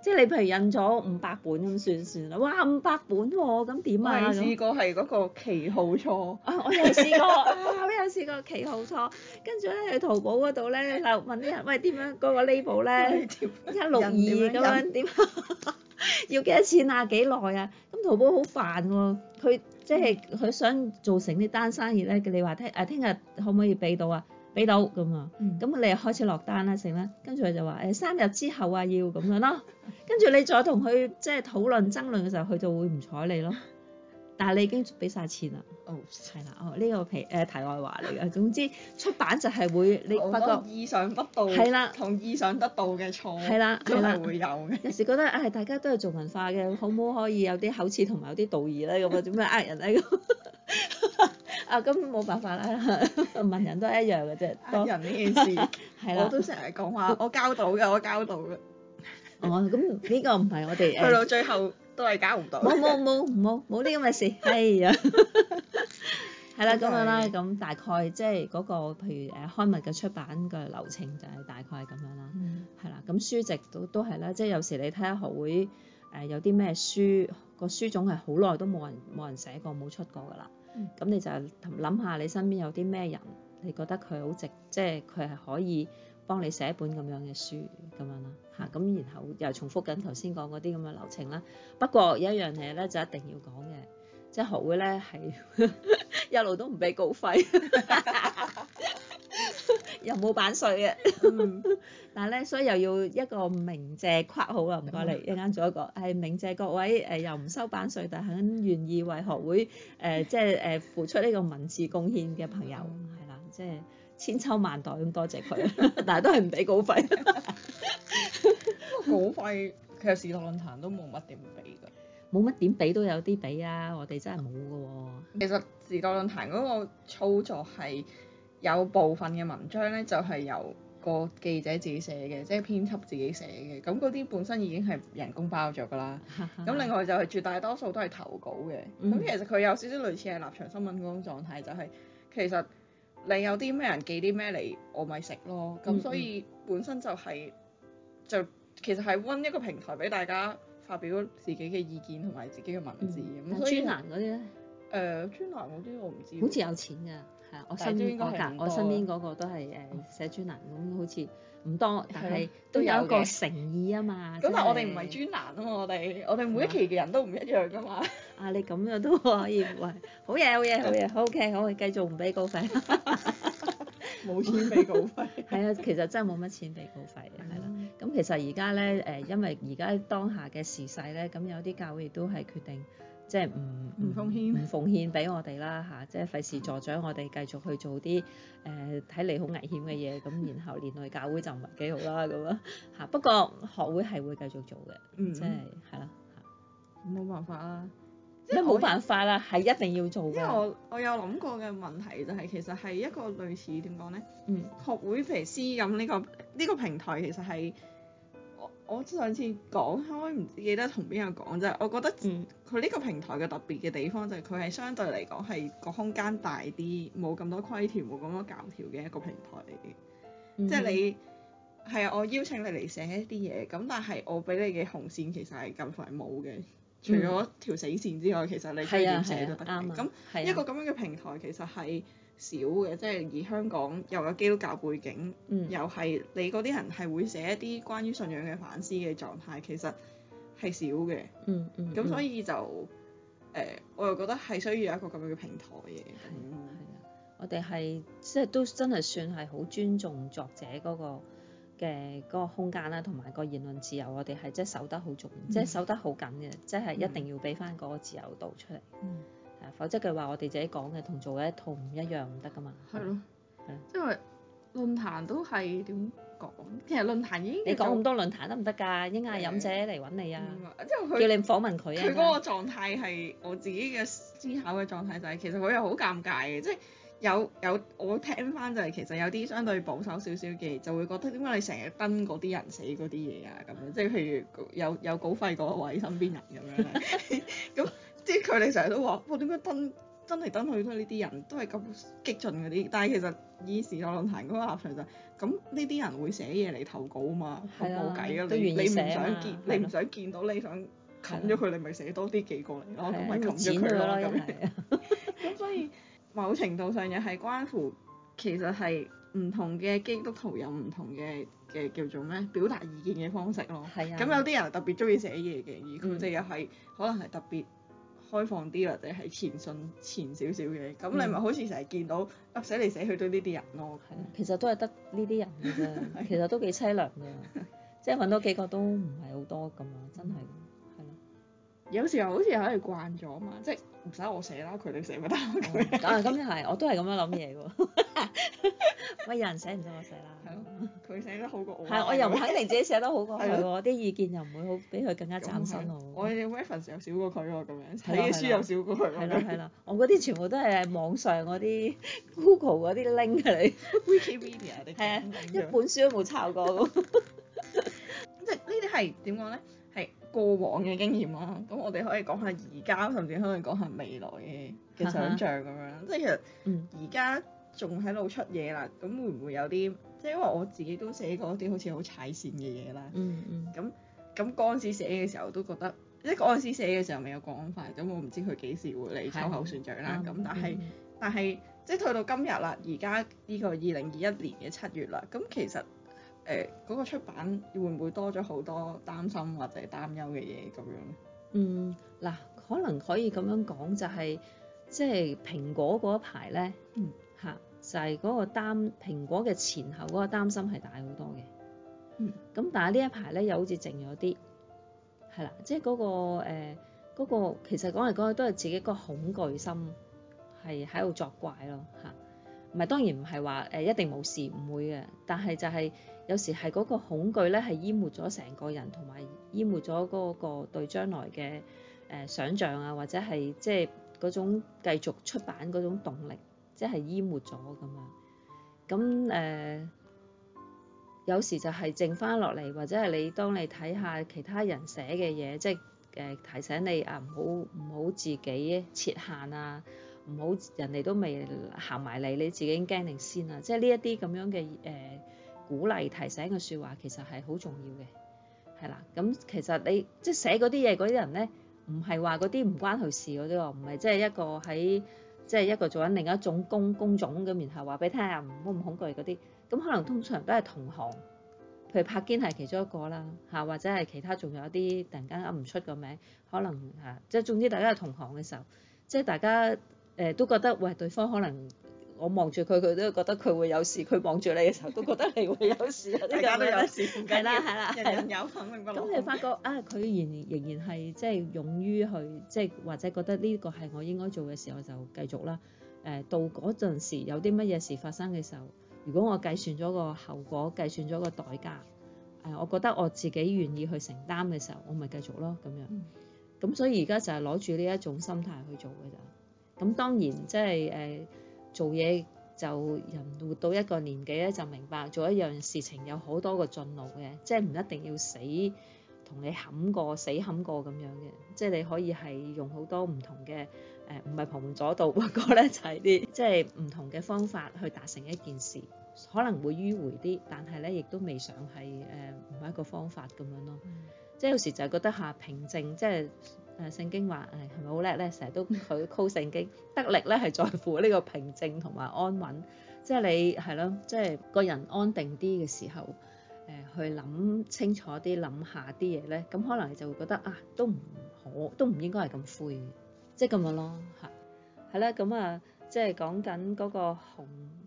即係你譬如印咗五百本，咁算算啦，哇五百本喎，咁點啊？未、啊、試過係嗰個期號錯 啊！我有試過，啊我有試過期號錯，跟住咧去淘寶嗰度咧，問啲人喂，點樣嗰、嗰個 label 咧一六二咁樣點？樣樣 要幾多錢啊？幾耐啊？咁淘寶好煩喎、啊，佢即係佢想做成呢單生意咧，你話聽誒聽日可唔可以畀到啊？俾到咁啊，咁、嗯嗯、你又開始落單啦，剩啦，跟住佢就話：「誒三日之後啊要咁樣咯，跟住 你再同佢即係討論爭論嘅時候，佢就會唔睬你咯。但係你已經俾晒錢啦，oh。哦，係啦，哦呢個皮誒題、呃、外話嚟嘅。總之出版就係會你發覺。意想不到。係啦了，同意想得到嘅錯係啦，了都係會有嘅。有時覺得唉、啊，大家都係做文化嘅，好唔好可以有啲口齒同埋有啲道義咧？咁 啊，做咩呃人咧？啊，咁冇辦法啦。文人都一樣嘅啫，呃人呢件事。係啦，我都成日講話，我交到㗎，我交到㗎。哦，咁呢個唔係我哋。去 到最後。都係搞唔到。冇冇冇冇冇啲咁嘅事。哎呀、 啊，係啦咁樣啦。咁大概即係嗰、那個，譬如誒刊物嘅出版嘅流程就係大概咁樣啦。係啦、mm，咁、hmm. 啊、書籍都都係啦。即係有時你睇下學會誒、呃、有啲咩書，個書種係好耐都冇人冇人寫過冇出過㗎啦。咁、mm hmm. 你就諗下你身邊有啲咩人，你覺得佢好值，即係佢係可以。幫你寫一本咁樣嘅書咁樣啦嚇，咁然後又重複緊頭先講嗰啲咁嘅流程啦。不過有一樣嘢咧就一定要講嘅，即係學會咧係 一路都唔俾稿費， 又冇版稅嘅。 但係咧，所以又要一個鳴謝括號啊，唔該你一間做一個係鳴謝各位誒，又唔收版稅，但係肯願意為學會誒、呃、即係誒、呃、付出呢個文字貢獻嘅朋友係啦、嗯，即係。千秋萬代咁多謝佢， 但係都係唔俾稿費。因為稿費其實時代論壇都冇乜點俾㗎。冇乜點俾，都有啲俾啊，我哋真係冇㗎喎。其實時代論壇嗰個操作係有部分嘅文章咧，就係、是、由個記者自己寫嘅，即、就、係、是、編輯自己寫嘅。咁嗰啲本身已經係人工包咗㗎啦。咁 另外就係絕大多數都係投稿嘅。咁其實佢有少少類似係立場新聞嗰種狀態，就係、是、其實。你有啲咩人寄啲咩嚟，我咪食咯。咁、嗯、所以本身就係、是、就其實係搵一個平台俾大家發表自己嘅意見同埋自己嘅文字咁。咁、嗯、但專欄嗰啲咧？誒、呃，專欄嗰啲我唔知。好似有錢㗎，係啊，我身邊我，我身邊嗰個都係誒寫專欄咁，好似唔多，但係、啊、都有一個誠意啊嘛。咁但係我哋唔係專欄啊嘛，我哋我哋每一期嘅人都唔一樣㗎嘛。啊！你咁樣都可以喂，好嘢，好嘢，好嘢，好嘅，好嘅，繼續唔俾稿費，冇 錢俾稿費。係 啊，其實真係冇乜錢俾稿費，係啦。咁其實而家咧誒，因為而家當下嘅時勢咧，咁有啲教會亦都係決定即係唔唔奉獻，唔奉獻俾我哋啦吓，即係費事助長我哋繼續去做啲誒睇嚟好危險嘅嘢，咁然後連累教會就唔係幾好啦咁啦嚇。不過學會係會繼續做嘅，嗯、即係係啦嚇。冇、啊、辦法啦。即係冇辦法啦，係為一定要做㗎。因為我我有諗過嘅問題就係、是，其實係一個類似點講咧？呢嗯。學會肥斯咁呢個呢、這個平台，其實係我我上次講開唔記得同邊個講啫。就是、我覺得嗯，佢呢個平台嘅特別嘅地方就係佢係相對嚟講係個空間大啲，冇咁多規條，冇咁多教條嘅一個平台嚟嘅。嗯、即係你係啊，我邀請你嚟寫一啲嘢，咁但係我俾你嘅紅線其實係近乎係冇嘅。除咗條死線之外，其實你該點寫都得嘅。咁一個咁樣嘅平台其實係少嘅，即係、啊、而香港又有基督教背景，嗯、又係你嗰啲人係會寫一啲關於信仰嘅反思嘅狀態，其實係少嘅、嗯。嗯嗯。咁所以就誒、呃，我又覺得係需要有一個咁樣嘅平台嘅。係啊，啊嗯、我哋係即係都真係算係好尊重作者嗰、嗰個。嘅嗰個空間啦，同埋個言論自由，我哋係即係守得好重要、嗯即得，即係守得好緊嘅，即係一定要俾翻嗰個自由度出嚟。嗯。係啊，否則嘅話，我哋自己講嘅同做嘅一套唔一樣，唔得噶嘛。係咯了。係了。因為論壇都係點講？其實論壇已經你講咁多論壇得唔得㗎？應該係飲者嚟揾你啊！嗯、因為叫你訪問佢、啊。佢嗰個狀態係我自己嘅思考嘅狀態、就係嗯，就係其實佢又好尷尬嘅，即係。有有我聽翻就係，其實有啲相對保守少少嘅，就會覺得點解你成日登嗰啲人寫嗰啲嘢啊咁樣，即係譬如有有稿費嗰位身邊人咁樣，咁即係佢哋成日都話，哇，點解登登嚟登去都係呢啲人，都係咁激進嗰啲，但係其實以時在論壇嗰個立場就咁，呢啲人會寫嘢嚟投稿啊嘛，冇計啊，你唔想見你唔想見到你想冚咗佢，你咪寫多啲寄過嚟咯，咁咪冚咗佢咯，咁所以。某程度上又係關乎，其實係唔同嘅基督徒有唔同嘅嘅叫做咩？表達意見嘅方式咯。係啊。咁有啲人特別中意寫嘢嘅，而佢哋又係可能係特別開放啲，或者係前進前少少嘅。咁你咪好似成日見到噏、嗯啊、死嚟死去都呢啲人咯。係、啊。其實都係得呢啲人嘅，啫、 啊。其實都幾凄涼嘅。即係揾到幾個都唔係好多㗎嘛，真係。有時候好似喺度慣咗啊嘛，即係唔使我寫啦，佢哋寫咪得咯。啊，咁又係，我都係咁樣諗嘢嘅喎。咪 有人寫唔使我寫啦，係咯，佢寫得好過我。係， 我又唔肯定自己寫得好過佢喎，啲意見又唔會好，比佢更加嶄新。我啲 references 又少過佢喎，咁樣睇嘅書又少過佢。係咯，係咯，我嗰啲全部都係網上嗰啲 Google 嗰啲 link 嚟，Wikipedia 嗰啲，係啊，一本書都冇抄過。即係呢啲係點講咧？過往嘅經驗咯，啊，咁我哋可以講下而家，甚至可以講下未來嘅嘅想像咁樣。 即係其實而家仲喺度出嘢啦，咁會唔會有啲？即係因為我自己都寫過一啲好似好踩線嘅嘢啦。嗯，咁咁嗰陣時寫嘅時候都覺得，即係嗰陣時寫嘅時候未有《國安法》，咁我唔知佢幾時會嚟秋後算賬啦。咁 但係 但係，即係退到今日啦，而家呢個二零二一年嘅七月啦，咁其實。誒嗰個出版會唔會多咗好多擔心或者擔憂嘅嘢咁樣咧？嗯，嗱，可能可以咁樣講就係，即係蘋果嗰一排咧，嗯，吓，就係嗰個擔蘋果嘅前後嗰個擔心係大好多嘅。嗯，咁但係呢一排咧又好似靜咗啲，係啦，即係嗰個誒嗰個其實講嚟講去都係自己個恐懼心係喺度作怪咯吓，唔係當然唔係話誒一定冇事唔會嘅，但係就係。有時係嗰個恐懼咧，係淹沒咗成個人，同埋淹沒咗嗰個對將來嘅誒、呃、想像啊，或者係即係嗰種繼續出版嗰種動力，即、就、係、是、淹沒咗咁樣。咁誒、呃、有時就係剩翻落嚟，或者係你當你睇下其他人寫嘅嘢，即係誒、呃、提醒你啊，唔好唔好自己設限啊，唔好人哋都未行埋嚟，你自己驚定先啊，即係呢一啲咁樣嘅誒。呃鼓勵提醒嘅説話其實係好重要嘅，係啦。咁其實你即係寫嗰啲嘢嗰啲人咧，唔係話嗰啲唔關佢事嗰啲喎，唔係即係一個喺即係一個做緊另一種工工種咁，然後話俾佢聽啊，唔好咁恐懼嗰啲。咁、嗯、可能通常都係同行，譬如柏堅係其中一個啦嚇，或者係其他仲有一啲突然間噏唔出個名，可能嚇即係總之大家係同行嘅時候，即係大家誒都覺得喂對方可能。我望住佢，佢都覺得佢會有事；佢望住你嘅時候，都覺得你會有事。係啦，係啦，人人有，肯定冇。咁你發覺啊，佢仍然仍然係即係勇於去，即係或者覺得呢個係我應該做嘅時候，我就繼續啦。誒到嗰陣時有啲乜嘢事發生嘅時候，如果我計算咗個後果，計算咗個代價，誒，我覺得我自己願意去承擔嘅時候，我咪繼續咯咁樣。咁所以而家就係攞住呢一種心態去做嘅咋。咁當然即係誒。做嘢就人活到一個年紀咧，就明白做一樣事情有好多個進路嘅，即係唔一定要死同你冚過死冚過咁樣嘅，即係你可以係用好多唔同嘅誒，唔、呃、係旁門左道，不過咧就係啲即係唔同嘅方法去達成一件事，可能會迂回啲，但係咧亦都未想係誒唔係一個方法咁樣咯，即係有時就係覺得吓平靜，即係。誒聖 經話，誒係咪好叻咧？成日都佢 call 聖經，得力咧係在乎呢個平靜同埋安穩，即係你係咯，即係個人安定啲嘅時候，誒去諗清楚啲，諗下啲嘢咧，咁可能你就會覺得啊，都唔可，都唔應該係咁灰嘅，即係咁樣咯，係，係啦，咁啊，即係講緊嗰個紅，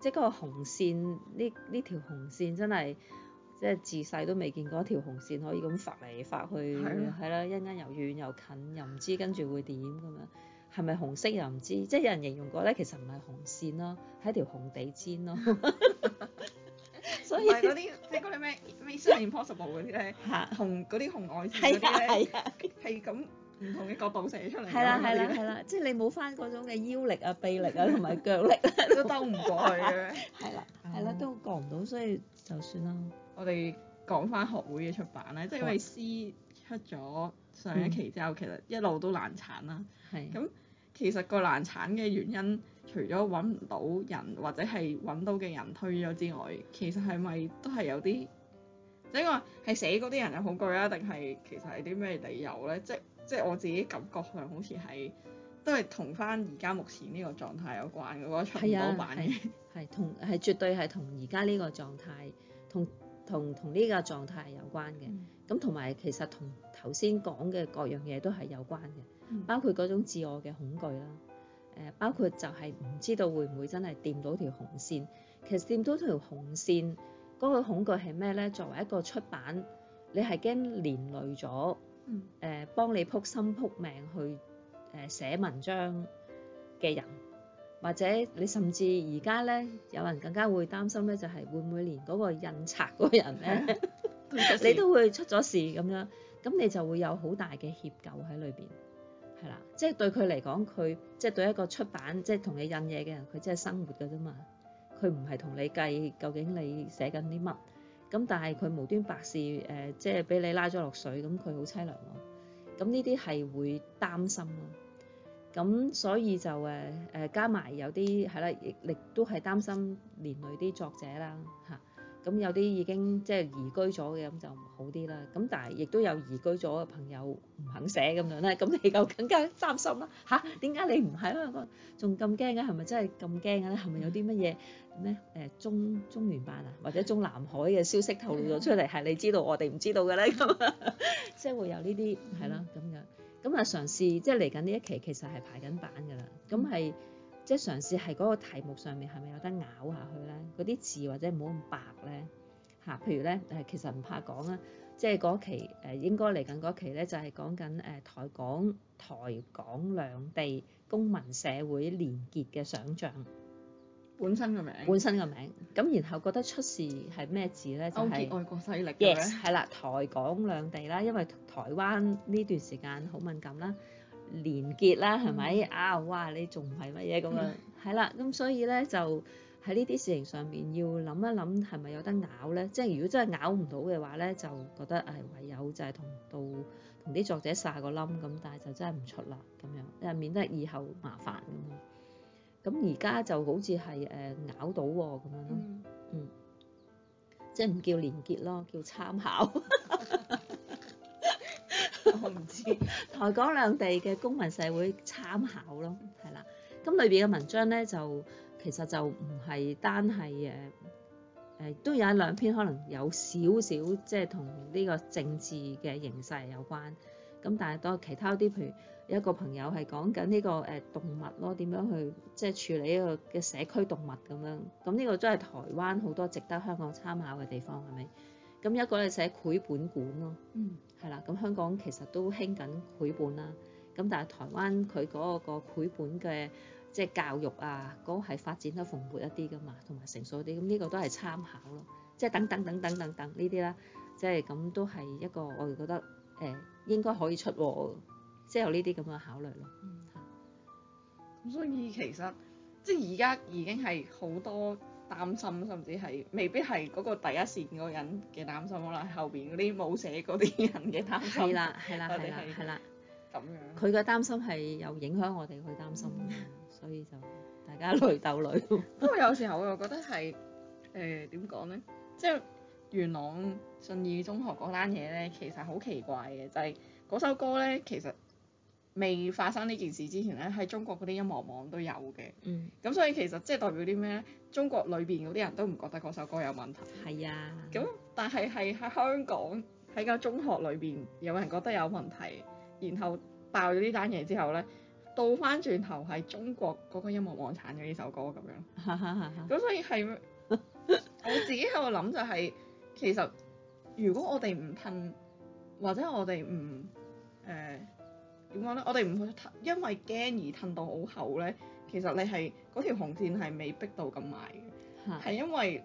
即係嗰個紅線，呢呢條紅線真係。即係自細都未見過一條紅線可以咁發嚟發去，係啦，一間又遠又近，又唔知跟住會點咁樣？係咪紅色又唔知？即係有人形容過咧，其實唔係紅線咯，係一條紅地氈咯。所以唔係嗰啲，即係嗰啲咩《impossible》嗰啲咧，紅嗰啲紅外線嗰啲咧，係咁唔同嘅角度射出嚟。係啦係啦係啦，即係你冇翻嗰種嘅腰力啊、臂力啊同埋腳力都兜唔過去嘅咩？係啦，係啦，都過唔到，所以就算啦。我哋講翻學會嘅出版咧，即係因為 C 出咗上一期之後，嗯、其實一路都難產啦。係是。咁其實個難產嘅原因，除咗揾唔到人或者係揾到嘅人推咗之外，其實係咪都係有啲即係話係寫嗰啲人好攰啊？定係其實係啲咩理由咧？即即係我自己感覺上好似係都係同翻而家目前呢個狀態有關嘅，嗰出嗰版嘅。係係、啊。同係絕對係同而家呢個狀態同。同同呢個狀態係有關嘅，咁同埋其實同頭先講嘅各樣嘢都係有關嘅，包括嗰種自我嘅恐懼啦，誒包括就係唔知道會唔會真係掂到條紅線，其實掂到條紅線嗰個恐懼係咩咧？作為一個出版，你係驚連累咗誒幫你撲心撲命去誒寫文章嘅人。或者你甚至而家咧，有人更加會擔心咧，就係、是、會唔會連嗰個印刷嗰人咧， 你都會出咗事咁樣，咁你就會有好大嘅協疚喺裏邊，係啦，即、就、係、是、對佢嚟講，佢即係對一個出版即係同你印嘢嘅人，佢即係生活噶啫嘛，佢唔係同你計究竟你寫緊啲乜，咁但係佢無端白事誒，即係俾你拉咗落水，咁佢好凄涼咯，咁呢啲係會擔心咯。咁所以就誒誒加埋有啲係啦，亦亦都係擔心連累啲作者啦嚇。咁有啲已經即係移居咗嘅，咁就好啲啦。咁但係亦都有移居咗嘅朋友唔肯寫咁樣咧，咁你就更加擔心啦嚇。點解你唔係啊？仲咁驚嘅？係咪真係咁驚嘅咧？係咪有啲乜嘢咩誒中中聯辦啊，或者中南海嘅消息透露咗出嚟係你知道我哋唔知道嘅咧咁？即係會有呢啲係啦咁樣。咁啊，嘗試即係嚟緊呢一期，其實係排緊版㗎啦。咁係即係嘗試係嗰個題目上面係咪有得咬下去咧？嗰啲字或者唔好咁白咧吓，譬如咧誒，其實唔怕講啊，即係嗰期誒應該嚟緊嗰期咧，就係講緊誒台港台港兩地公民社會連結嘅想像。本身嘅名，本身嘅名，咁 然後覺得出事係咩字咧？就係勾結外國勢力嘅咩？係啦、yes.，台港兩地啦，因為台灣呢段時間好敏感啦，連結啦，係咪？嗯、啊，哇！你仲唔係乜嘢咁樣？係啦， 咁所以咧就喺呢啲事情上面要諗一諗，係咪有得咬咧？即、就、係、是、如果真係咬唔到嘅話咧，就覺得誒、哎、唯有就係同到同啲作者曬個冧咁，但係就真係唔出啦咁樣，誒免得以後麻煩咁樣。咁而家就好似係誒咬到喎、哦、咁樣咯，嗯，嗯，即係唔叫連結咯，叫參考。 我唔知。 台港兩地嘅公民社會參考咯，係啦。咁裏邊嘅文章咧就其實就唔係單係誒誒，都、呃、有一兩篇可能有少少即係同呢個政治嘅形勢有關。咁但係當其他啲，譬如一個朋友係講緊呢個誒動物咯，點樣去即係處理一個嘅社區動物咁樣。咁呢個都係台灣好多值得香港參考嘅地方係咪？咁一個係寫繪本館咯，嗯，係啦。咁香港其實都興緊繪本啦。咁但係台灣佢嗰個繪本嘅即係教育啊，嗰、嗰個係發展得蓬勃一啲噶嘛，同埋成熟啲。咁呢個都係參考咯，即係等等等等等等呢啲啦，即係咁都係一個我哋覺得誒。呃應該可以出喎，即係有呢啲咁嘅考慮咯。嗯。咁是所以其實即係而家已經係好多擔心，甚至係未必係嗰個第一線嗰個人嘅擔心啦，後邊嗰啲冇寫嗰啲人嘅擔心。係啦，係啦，係啦，係啦。咁樣。佢嘅擔心係有影響我哋去擔心，嗯、所以就大家累鬥累。不過 有時候我又覺得係誒點講咧，即、呃、係。元朗信義中學嗰單嘢咧，其實好奇怪嘅，就係嗰首歌咧，其實未發生呢件事之前咧，喺中國嗰啲音樂網都有嘅。嗯。咁所以其實即係代表啲咩咧？中國裏邊嗰啲人都唔覺得嗰首歌有問題。係啊。咁但係係喺香港喺個中學裏邊有人覺得有問題，然後爆咗呢單嘢之後咧，倒翻轉頭係中國嗰個音樂網剷咗呢首歌咁樣。哈哈哈哈，咁所以係我自己喺度諗就係。其實，如果我哋唔褪，或者我哋唔誒點講咧，我哋唔去褪，因為驚而褪到好厚咧，其實你係嗰條紅線係未逼到咁埋嘅，係是因，因為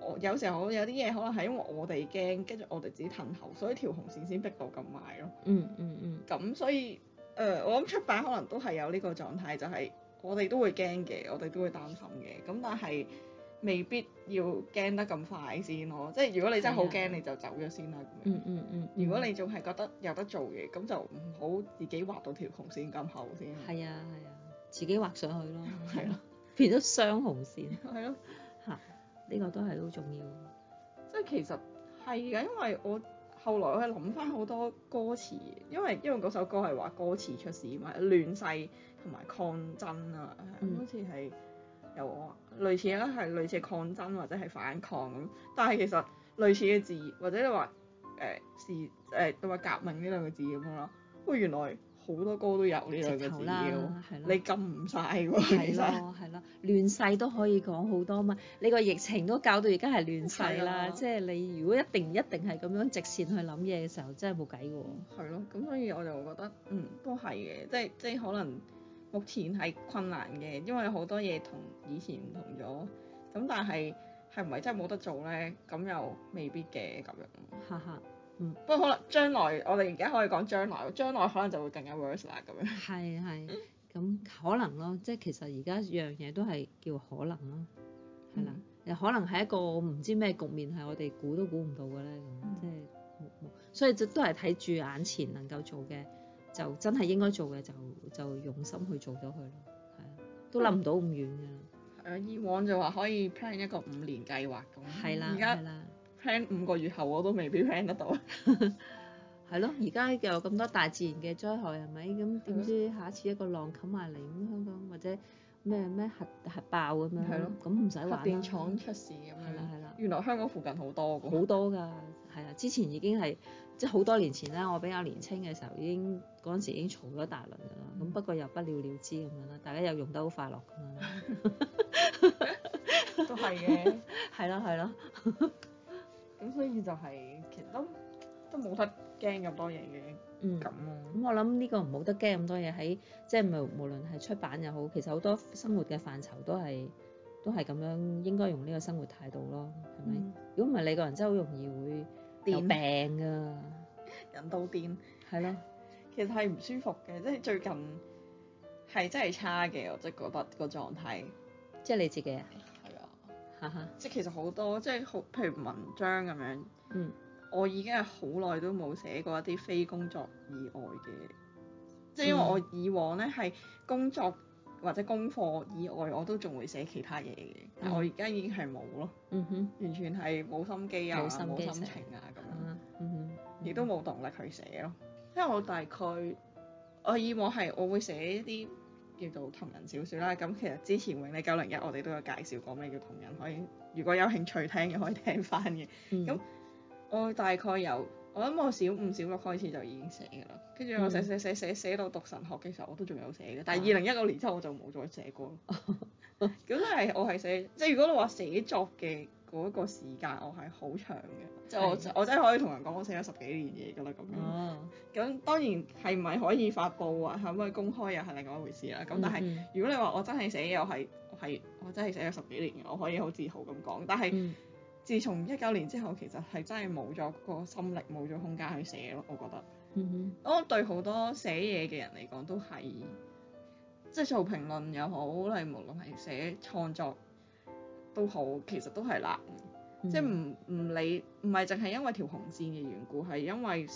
我有時候有啲嘢可能係因為我哋驚，跟住我哋自己褪後，所以條紅線先逼到咁埋咯。嗯嗯嗯。咁所以誒、呃，我諗出版可能都係有呢個狀態，就係、是、我哋都會驚嘅，我哋都會擔心嘅，咁但係。未必要驚得咁快先咯，即係如果你真係好驚，啊、你就走咗先啦。嗯嗯嗯。如果你仲係覺得有得做嘅，咁就唔好自己畫到條紅線咁厚先。係啊係啊，自己畫上去咯。係咯、啊。 變咗雙紅線。係咯、啊。嚇！呢個都係好重要。即係其實係㗎，因為我後來我係諗翻好多歌詞，因為因為嗰首歌係話歌詞出事嘛，亂世同埋抗爭啊，好似係。有啊，類似咧係類似抗爭或者係反抗咁，但係其實類似嘅字，或者你話誒、呃、是誒，你、呃、話革命呢兩個字咁樣咯，喂，原來好多歌都有呢兩個字嘅，你撳唔晒喎其實。係咯係咯，亂世都可以講好多啊嘛，你個疫情都搞到而家係亂世啦，即係你如果一定一定係咁樣直線去諗嘢嘅時候，真係冇計嘅喎。係咯，咁所以我就覺得嗯都係嘅，即係即係可能。目前係困難嘅，因為好多嘢同以前唔同咗。咁但係係唔係真係冇得做咧？咁又未必嘅咁樣。哈哈，嗯。不過可能將來，我哋而家可以講將來，將來可能就會更加 worse 啦咁樣。係係，咁 可能咯，即係其實而家樣嘢都係叫可能咯，係、嗯、啦。可能係一個唔知咩局面猜猜，係我哋估都估唔到嘅咧咁，即係冇冇。所以就都係睇住眼前能夠做嘅。就真係應該做嘅，就就用心去做咗佢咯，係啊，都諗唔到咁遠嘅。誒、嗯、以往就話可以 plan 一個五年計劃咁，而家 plan 五個月後我都未必 plan 得到。係咯， 而家又咁多大自然嘅災害，係咪咁？點知下一次一個浪冚埋嚟咁香港，或者咩咩核核爆咁樣，係咯了，咁唔使話核電廠出事咁樣，係啦係啦。原來香港附近好多㗎。好 多㗎。係啊，之前已經係即係好多年前咧，我比較年青嘅時候已經嗰陣時已經嘈咗大輪㗎啦。咁不過又不了了之咁樣啦，大家又用得好快樂咁樣 都係嘅的。係咯係咯。咁 所以就係、是、其實都都冇得驚咁多嘢嘅，咁咁我諗呢個唔冇得驚咁多嘢喺即係無無論係出版又好，其實好多生活嘅範疇都係。都係咁樣，應該用呢個生活態度咯，係咪？如果唔係，你個人真係好容易會有病㗎、啊。人都癲。係咯。其實係唔舒服嘅，即係最近係真係差嘅，我真覺得個狀態。嗯、即係你自己。係啊。哈哈。即係其實好多，即係好，譬如文章咁樣。嗯。我已經係好耐都冇寫過一啲非工作以外嘅，即係因為我以往咧係工作，或者功課以外，我都仲會寫其他嘢嘅。但我而家已經係冇咯，嗯、哼完全係冇心機啊，冇心，心情啊咁樣，亦、啊嗯嗯、都冇動力去寫咯。因為我大概我以往係我會寫一啲叫做同人小説啦。咁其實之前永利九零一我哋都有介紹過咩、嗯、哼叫同人，可以如果有興趣聽嘅可以聽翻嘅。咁、嗯、哼我大概有。我諗我小五小六開始就已經寫㗎啦，跟住我寫寫寫寫寫，寫，寫，寫到讀神學嘅時候，我都仲有寫嘅。但係二零一六年之後我就冇再寫過咯。咁都係我係寫，即係如果你話寫作嘅嗰一個時間，我係好長嘅。即係我我真係可以同人講，我寫咗十幾年嘢㗎啦咁。哦。咁當然係唔係可以發布啊，係唔可以公開又係另外一回事啦。咁但係如果你話我真係寫又係係我真係寫咗十幾年嘅，我可以好自豪咁講。但係。嗯自從一九年之後，其實係真係冇咗個心力，冇咗空間去寫咯。我覺得，mm hmm. 我對好多寫嘢嘅人嚟講，都係即係做評論又好，係無論係寫創作都好，其實都係難。Mm hmm. 即係唔唔理，唔係淨係因為條紅線嘅緣故，係因為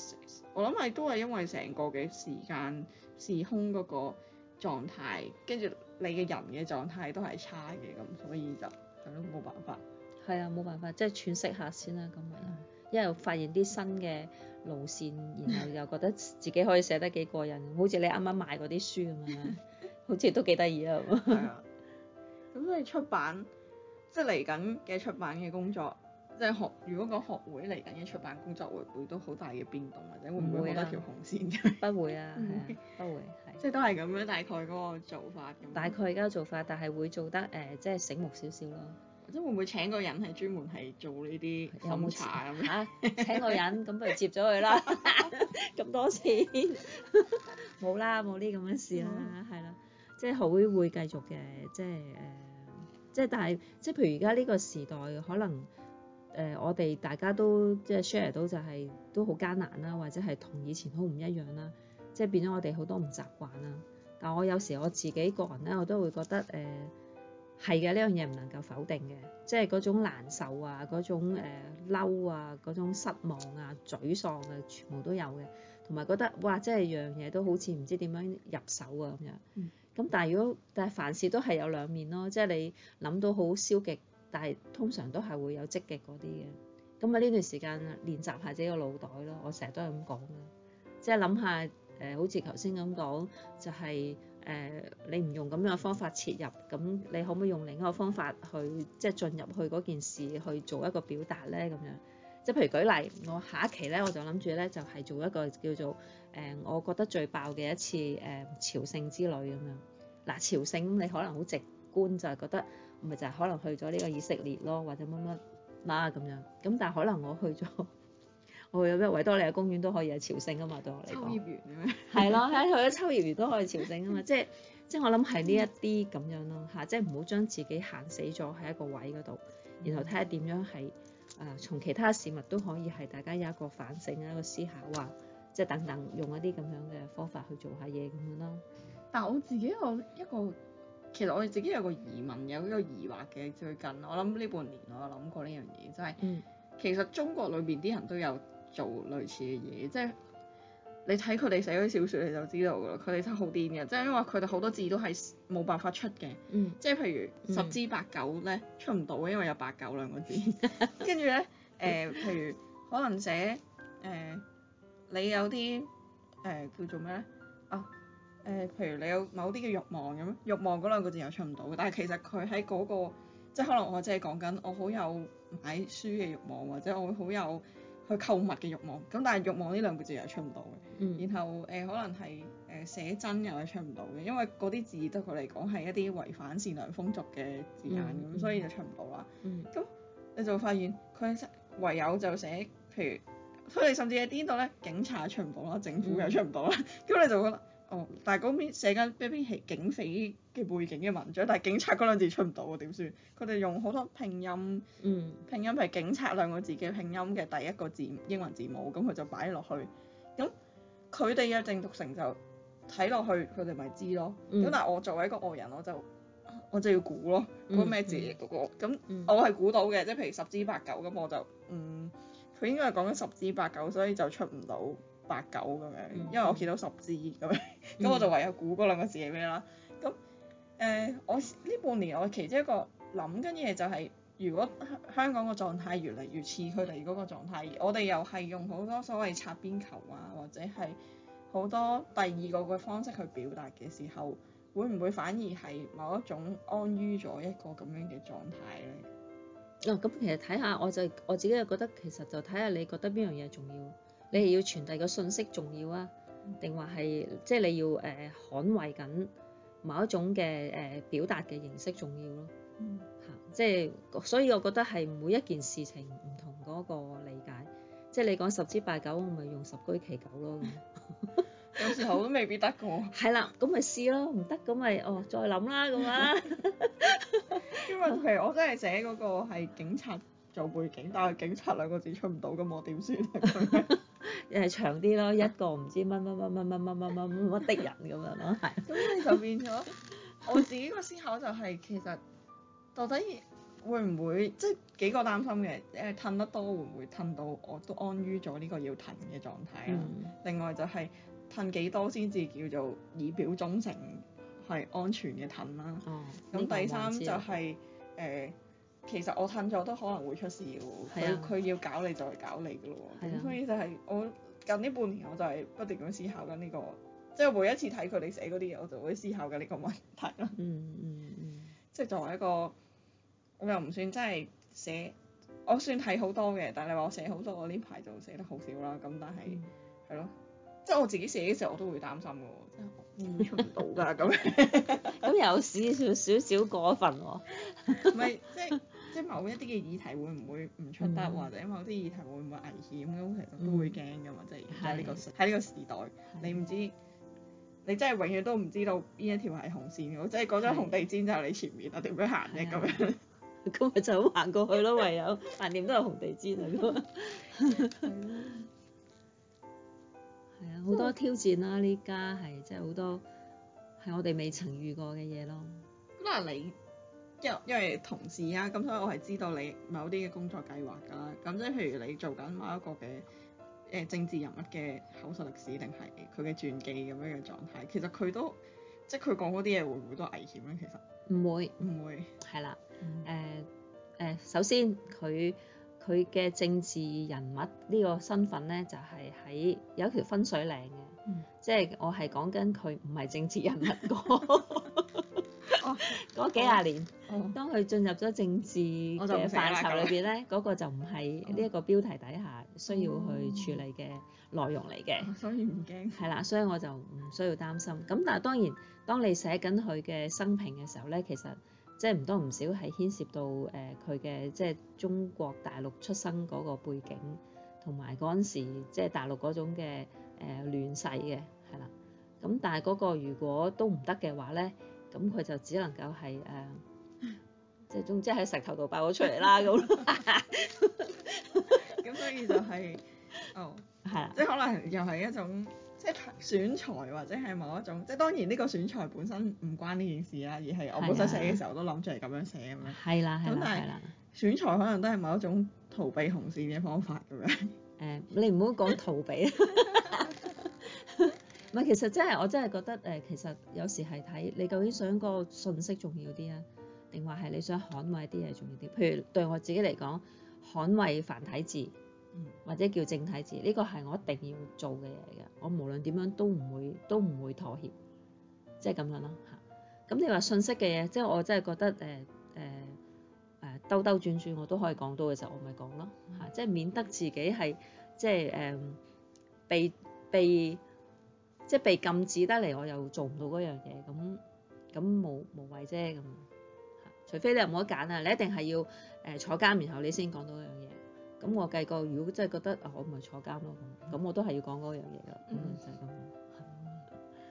我諗係都係因為成個嘅時間時空嗰個狀態，跟住你嘅人嘅狀態都係差嘅，咁所以就咁都冇辦法。係 啊，冇辦法，即係喘息下先啦咁啊！一、因為、又發現啲新嘅路線，然後又覺得自己可以寫得幾過癮，好似 你啱啱買嗰啲書咁樣， 好似都幾得意啊！係啊，咁所以出版即係嚟緊嘅出版嘅工作，即係學。如果個學會嚟緊嘅出版工作，會唔會，會都好大嘅變動，或者會唔會冇得條紅線嘅？不會啊， 啊，不會，啊、 即係都係咁樣大概嗰個做法咁。大概而家做法，但係會做得誒、呃，即係醒目少少咯。即係會唔會請個人係專門係做呢啲審查咁 啊？請個人咁不如接咗佢啦，咁 多錢冇啦，冇呢咁嘅事啦，係啦、嗯，即係學會會繼續嘅，即係誒、呃，即係但係即係譬如而家呢個時代可能誒、呃、我哋大家都即係 share 到就係、是、都好艱難啦，或者係同以前好唔一樣啦，即係變咗我哋好多唔習慣啦。但我有時我自己個人咧，我都會覺得誒。呃係嘅，呢樣嘢唔能夠否定嘅，即係嗰種難受啊，嗰種、呃、嬲啊，嗰種失望啊、沮喪啊，全部都有嘅。同埋覺得哇，真係樣嘢都好似唔知點樣入手啊咁樣。咁、嗯、但係如果但係凡事都係有兩面咯，即係你諗到好消極，但係通常都係會有積極嗰啲嘅。咁啊呢段時間練習下自己個腦袋咯，我成日都係咁講嘅，即係諗下誒、呃，好似頭先咁講就係、是。誒、呃，你唔用咁樣嘅方法切入，咁你可唔可以用另一個方法去，即係進入去嗰件事去做一個表達咧？咁樣，即係譬如舉例，我下一期咧，我就諗住咧，就係做一個叫做誒、呃，我覺得最爆嘅一次誒、呃、朝聖之旅咁樣。嗱、啊，朝聖你可能好直觀就係、是、覺得，唔咪就係可能去咗呢個以色列咯，或者乜乜啦咁樣。咁但係可能我去咗。我、哦、有咩維多利亞公園都可以有朝聖啊嘛，對我嚟講。秋葉原咁樣。係咯，係啊，秋葉原都可以朝聖啊嘛， 即係即係我諗係呢一啲咁樣咯吓，即係唔好將自己限死咗喺一個位嗰度，然後睇下點樣係啊、呃，從其他事物都可以係大家有一個反省啊，一個思考啊，即係等等用一啲咁樣嘅方法去做下嘢咁樣咯。但係我自己我一個，其實我自己有個疑問，有一個疑惑嘅最近，我諗呢半年我有諗過呢樣嘢，就係、是、其實中國裏邊啲人都有。做類似嘅嘢，即係你睇佢哋寫嗰啲小説你就知道㗎啦。佢哋真係好癲嘅，即係因為佢哋好多字都係冇辦法出嘅，嗯、即係譬如十之八九咧出唔到嘅，因為有八九兩個字。跟住咧誒，譬如可能寫誒、呃、你有啲誒、呃、叫做咩咧啊誒、呃，譬如你有某啲嘅欲望咁，欲望嗰兩個字又出唔到嘅。但係其實佢喺嗰個即係可能我即係講緊我好有買書嘅欲望，或者我會好有。佢購物嘅欲望，咁但係欲望呢兩個字又出唔到嘅，嗯、然後誒、呃、可能係誒、呃、寫真又係出唔到嘅，因為嗰啲字對佢嚟講係一啲違反善良風俗嘅字眼咁，嗯、所以就出唔到啦。咁、嗯、你就發現佢唯有就寫，譬如，佢哋甚至喺邊度咧，警察出唔到啦，政府又出唔到啦，咁、 嗯、 你就覺得。哦，但係嗰篇寫緊一篇係警匪嘅背景嘅文章，但係警察嗰兩字出唔到喎，點算？佢哋用好多拼音，嗯、拼音係警察兩個字嘅拼音嘅第一個字英文字母，咁佢就擺落去。咁佢哋嘅正讀成就睇落去，佢哋咪知咯。咁、嗯、但係我作為一個外人，我就我就要估咯，估咩字嗰個。咁我係估到嘅，即係譬如十之八九，咁我就，嗯，佢應該係講緊十之八九，所以就出唔到。八九咁樣，嗯、因為我見到十字。咁樣、嗯，咁 我就唯有估嗰兩個字係咩啦。咁誒、呃，我呢半年我其中一個諗緊嘢就係、是，如果香港個狀態越嚟越似佢哋嗰個狀態，嗯、我哋又係用好多所謂擦邊球啊，或者係好多第二個嘅方式去表達嘅時候，會唔會反而係某一種安於咗一個咁樣嘅狀態咧？啊、哦，咁其實睇下我就我自己又覺得，其實就睇下你覺得邊樣嘢重要。你係要傳遞個信息重要啊，定話係即係你要誒捍衞緊某一種嘅誒表達嘅形式重要咯，嚇，即係所以我覺得係每一件事情唔同嗰個理解，即係你講十之八九，我咪用十居其九咯，有時候都未必得嘅得過。係啦，咁咪試咯，唔得咁咪哦，再諗啦咁啊。因為譬如我真係寫嗰個係警察做背景，但係警察兩個字出唔到，咁我點算啊？又係 長啲咯，一個唔知乜乜乜乜乜乜乜乜乜的人咁樣咯，係。咁你就變咗，我自己個思考就係其實到底會唔會即係幾個擔心嘅？誒、呃，褪得多會唔會褪到我都安於咗呢個要褪嘅狀態啦？嗯、另外就係褪幾多先至叫做以表忠誠係安全嘅褪啦。咁第三就係、是、誒。呃其實我吞咗都可能會出事嘅，佢佢、啊、要搞你就係搞你嘅咯。咁、啊、所以就係我近呢半年我就係不斷咁思考緊、這、呢個，即、就、係、是、每一次睇佢哋寫嗰啲嘢，我就會思考緊呢個問題咯、嗯。嗯嗯即係作為一個，我又唔算真係寫，我算睇好多嘅，但係你話我寫好多，我呢排就寫得好少啦。咁但係係咯，即係我自己寫嘅時候我都會擔心嘅喎， 我會出唔到㗎咁。咁有試少少少過分喎。唔 即係。 即係某一啲嘅議題會唔會唔出得，嗯、或者某啲議題會唔會危險咁，其實都會驚噶嘛。嗯、即係喺呢個時喺呢個時代，的你唔知你真係永遠都唔知道邊一條係紅線嘅，的即係張紅地氈就係你前面啊，點樣行嘅咁樣？咁咪就咁行過去咯， 唯有飯店都係紅地氈嚟嘅。係係啊，好多挑戰啦！呢家係即係好多係我哋未曾遇過嘅嘢咯。咁啊，你？因因為同事啊，咁所以我係知道你某啲嘅工作計劃㗎啦。咁即係譬如你做緊某一個嘅誒政治人物嘅口述歷史，定係佢嘅傳記咁樣嘅狀態。其實佢都即係佢講嗰啲嘢，會唔會都危險咧？其實唔會，唔會，係啦。誒、呃、誒、呃，首先佢佢嘅政治人物呢個身份咧，就係、是、喺有一條分水嶺嘅，嗯、即係我係講緊佢唔係政治人物 嗰幾廿年，oh, oh, oh. 當佢進入咗政治嘅範疇裏邊咧，嗰個就唔係呢一個標題底下需要去處理嘅內容嚟嘅。所以唔驚。係啦，所以我就唔需要擔心。咁但係當然，當你寫緊佢嘅生平嘅時候咧，其實即係唔多唔少係牽涉到誒佢嘅即係中國大陸出生嗰個背景，同埋嗰陣時即係大陸嗰種嘅誒、呃、亂世嘅係啦。咁但係嗰個如果都唔得嘅話咧。咁佢就只能夠係誒，即係總之喺石頭度爆咗出嚟啦咁。咁所以就係，哦，係啦，即係可能又係一種即係選材或者係某一種，即係當然呢個選材本身唔關呢件事啦，而係我本身寫嘅時候都諗住係咁樣寫咁樣。係啦，係啦，係啦。選材可能都係某一種逃避紅線嘅方法咁樣。誒，你唔好講逃避。唔係，其實真係我真係覺得誒、呃，其實有時係睇你究竟想個信息重要啲啊，定話係你想捍衞啲嘢重要啲？譬如對我自己嚟講，捍衞繁體字、嗯、或者叫正體字，呢、呢個係我一定要做嘅嘢嘅，我無論點樣都唔會都唔會妥協、就是啊，即係咁樣咯嚇。咁你話信息嘅嘢，即係我真係覺得誒誒誒兜兜轉轉，呃呃呃、轉轉轉我都可以講到嘅時候，我咪講咯嚇，即係免得自己係即係誒被被。被即係被禁止得嚟，我又做唔到嗰樣嘢，咁咁冇冇謂啫咁。除非你又冇得揀啊，你一定係要誒、呃、坐監然後你先講到嗰樣嘢。咁我計過，如果真係覺得、呃、我唔係坐監咯，咁我都係要講嗰樣嘢噶。咁就係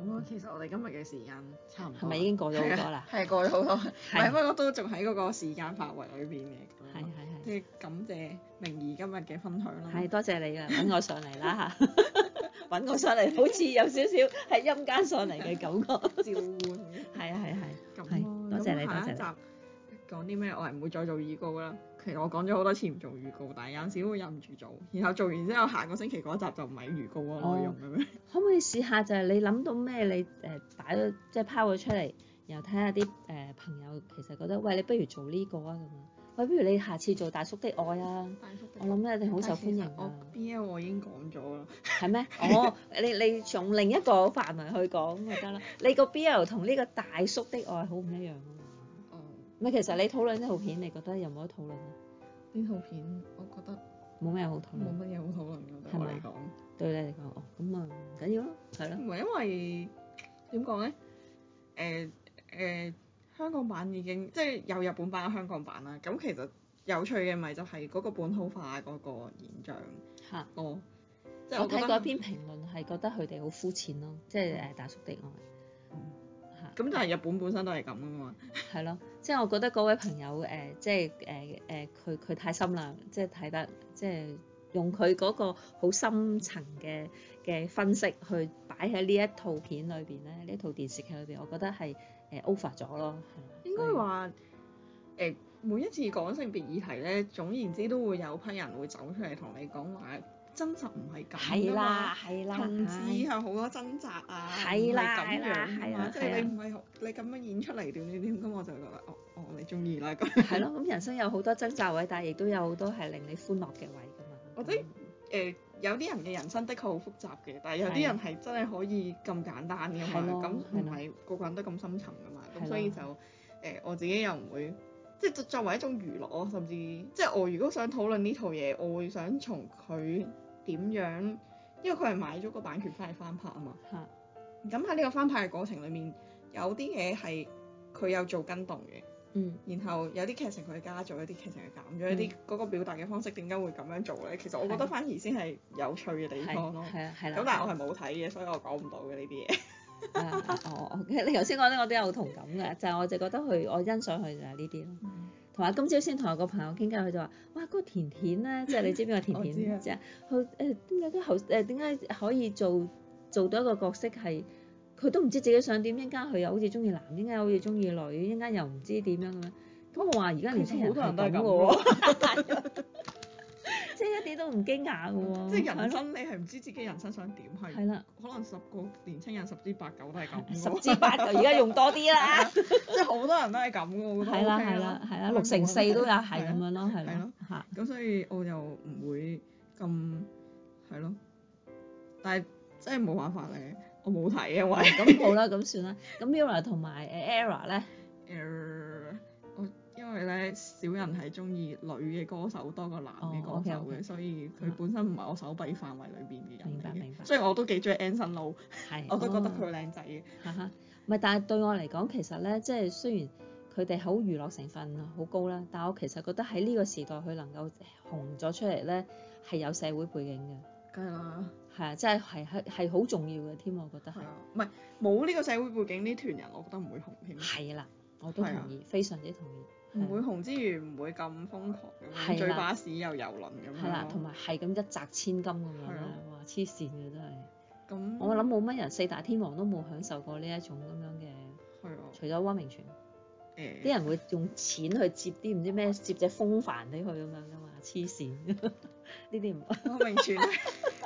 咁。其實我哋今日嘅時間差唔多，係咪已經過咗好多啦？係過咗好多，唔係 不過都仲喺嗰個時間範圍裏邊嘅。係係係。即係感謝明儀今日嘅分享啦。係多謝你啊，等我上嚟啦嚇。揾我上嚟，好似有少少係陰間上嚟嘅感覺。 召喚。係啊，係係。咁啊，多謝你，多謝。咁下一集講啲咩？我係唔會再做預告啦。其實我講咗好多次唔做預告，但係有陣時都會忍唔住做。然後做完之後，下個星期嗰集就唔係預告嘅內容咁樣。哦、可唔可以試下就係、是、你諗到咩？你誒擺咗，即係拋咗出嚟，然後睇下啲誒朋友其實覺得，喂，你不如做呢、呢個啊咁樣？喂、哎，不如你下次做大叔的愛啊！大叔我諗咧一定好受歡迎啊！我 B L 我已經講咗啦，係 咩？哦、oh，你你從另一個範圍去講咪得啦， 你個 B L 同呢個大叔的愛好唔一樣啊嘛。哦、嗯。咪其實你討論呢套片，你覺得有冇得討論啊？呢套片我覺得冇咩好討論。冇乜嘢好討論嘅，對你嚟講。對你嚟講，哦，咁啊唔緊要咯，係咯。唔係因為點講咧？誒誒。呃呃香港版已經即係有日本版、有香港版啦。咁其實有趣嘅咪就係嗰個本土化嗰個現象咯、啊哦。即係我睇嗰篇評論係覺得佢哋好膚淺咯。即係誒大叔的愛。嚇、嗯！咁、啊、但係日本本身都係咁啊嘛。係咯，即係我覺得嗰位朋友誒、呃，即係誒誒，佢、呃、佢、呃、太深啦，即係睇得即係用佢嗰個好深層嘅嘅分析去擺喺呢一套片裏邊咧，呢套電視劇裏邊，我覺得係。誒、呃、over 咗咯，應該話誒、呃、每一次講性別議題咧，總言之都會有批人會走出嚟同你講話真實唔係咁㗎嘛，同志有好多掙扎啊，係啦係啦係啦，即係你唔係你咁樣演出嚟點點點咁，我就覺得哦哦你中意啦咁。係咯，咁人生有好多掙扎位，但係亦都有好多係令你歡樂嘅位㗎嘛。或者誒。呃呃有啲人嘅人生的確好複雜嘅，但係有啲人係真係可以咁簡單噶嘛，咁唔係個個人都咁深沉噶嘛，咁所以就誒、欸、我自己又唔會即係作為一種娛樂，咯，甚至即係我如果想討論呢套嘢，我會想從佢點樣，因為佢係買咗個版權翻嚟翻拍啊嘛，咁喺呢個翻拍嘅過程裏面，有啲嘢係佢有做跟動嘅。嗯，然後有啲劇情佢加咗，有啲劇情佢減咗，有啲嗰個表達嘅方式點解會咁樣做咧？其實我覺得反而先係有趣嘅地方咯。係啊的，係啦。咁但係我係冇睇嘅，所以我講唔到嘅呢啲嘢。哈哈啊、哦，OK、哦嗯、你頭先講咧，我都有同感嘅，就係、是、我就覺得佢，我欣賞佢就係呢啲咯。同埋、嗯、今朝先同個朋友傾偈，佢就話，哇，嗰個甜甜咧，即係你知邊個甜甜？我知啊。即係佢誒點解都後誒點解可以做做到一個角色係？佢都唔知自己想點，一陣佢又好似中意男，一陣又好似中意女，一陣又唔知點樣咁樣。咁我話而家年輕人，好多人都係咁喎，即 係 一啲都唔驚訝嘅喎。即係人生你係唔知自己人生想點係，啊、可能十個年青人十之八九都係咁。十之八九而家用多啲 啦，即係好多人都係咁嘅，我覺得，係啦係啦係啦，六 okay 啦成四都有係咁樣咯，係咯嚇。咁所以我又唔會咁係咯，但係真係冇辦法嘅。我冇睇啊，咁、嗯、好啦，咁算啦。咁 Mirror 同埋 Error 咧 e 我因為咧少人係中意女嘅歌手多過男嘅歌手嘅，哦、okay, okay。所以佢本身唔係我手臂範圍裏邊嘅人，明白，明白。明白，所以我都幾中意 Anson Lo，我都覺得佢靚仔嘅。哈哈、哦，唔 係，但係對我嚟講，其實咧，即係雖然佢哋好娛樂成分好高啦，但我其實覺得喺呢個時代佢能夠紅咗出嚟咧，係有社會背景嘅。梗係啦。係啊，真係係係係好重要嘅添，我覺得。係啊，唔係冇呢個社會背景呢團人，我覺得唔會紅添。係啦，我都同意，非常之同意。唔會紅之餘，唔會咁瘋狂咁樣，追巴士又遊輪咁樣。係啦，同埋係咁一擲千金咁樣咯，哇！黐線嘅都係。咁我諗冇乜人四大天王都冇享受過呢一種咁樣嘅，係啊，除咗汪明荃，啲人會用錢去接啲唔知咩接隻風帆俾佢咁樣噶嘛。黐線，呢啲唔得。我完全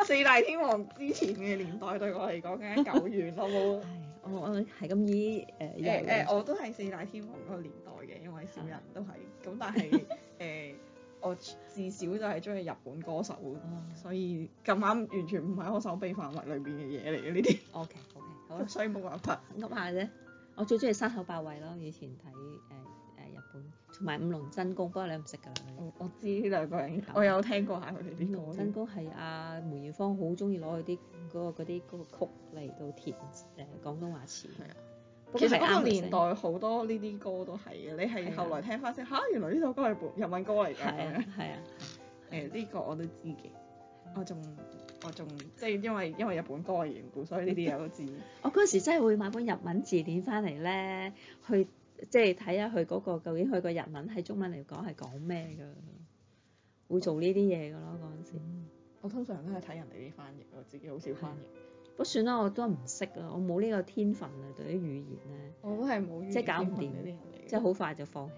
四大天王之前嘅年代，對我嚟講梗係久遠咯，冇。 我我係咁以，誒。誒我都係四大天王嗰個年代嘅，因為小人都係。咁但係誒，我至少都係中意日本歌手， 所以咁啱完全唔係我收聽範圍裏邊嘅嘢嚟嘅呢啲。O K O K，好， 所以冇入 part。噏下啫，我最中意山口百惠咯，以前睇誒。嗯同埋五輪真弓，不過你唔識㗎啦。我知呢兩個人。的我有聽過下佢哋邊個。真弓係阿梅艷芳好中意攞佢啲嗰啲嗰曲嚟到填誒廣東話詞。係啊的。其實嗰個年代好多呢啲歌都係嘅，的你係後來聽翻先嚇，原來呢首歌係日，日文歌嚟㗎咁樣。係啊的。誒呢、嗯、個我都知嘅，我仲我仲即係因為因為日本歌嘅緣故，所以呢啲嘢都知。 我嗰時真係會買本日文字典翻嚟咧，去。即係睇下佢嗰、嗰個究竟佢個日文喺中文嚟講係講咩㗎？會做呢啲嘢㗎咯，嗰陣時、嗯。我通常都係睇人哋啲翻譯，我自己好少翻譯。不算啦，我都唔識啊，我冇呢個天分啊，對啲語言咧。我都係冇。即係搞唔掂嗰啲人嚟，即係好快就放棄。係、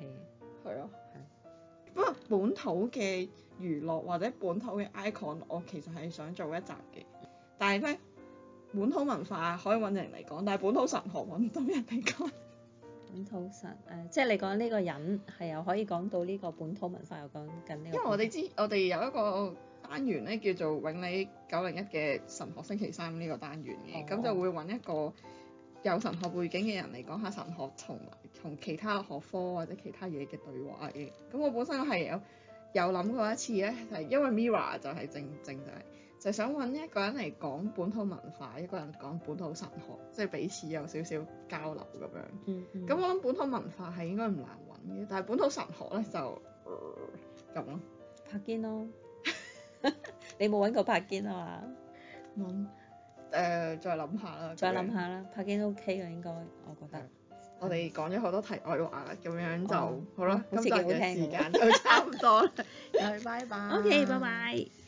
嗯、啊。係的。不過本土嘅娛樂或者本土嘅 icon，我其實係想做一集嘅，但係咧本土文化可以揾人嚟講，但係本土神學揾唔到人嚟講。 本土神，誒，即係你講呢個人係又可以講到呢個本土文化，又講緊呢個。因為我哋知，我哋有一個單元咧，叫做永利901嘅神學星期三呢個單元嘅，咁、哦、就會搵一個有神學背景嘅人嚟講下神學，同埋同其他學科或者其他嘢嘅對話嘅。咁我本身我係有有諗過一次咧，就係因為 Mira 就係正正就係、是。就想揾一個人嚟講本土文化，一個人講本土神學，即係彼此有少少交流咁樣。咁、嗯嗯、我諗本土文化係應該唔難揾嘅，但係本土神學咧就咁咯。拍肩咯，你冇揾過拍肩啊嘛？冇、嗯。誒、呃，再諗下啦。再諗下啦，拍肩 OK 嘅應該，我覺得。我哋講咗好多題外話啦，咁樣就、哦、好啦吧。好聽，今集嘅時間都差唔多啦，係，拜拜。OK，拜拜。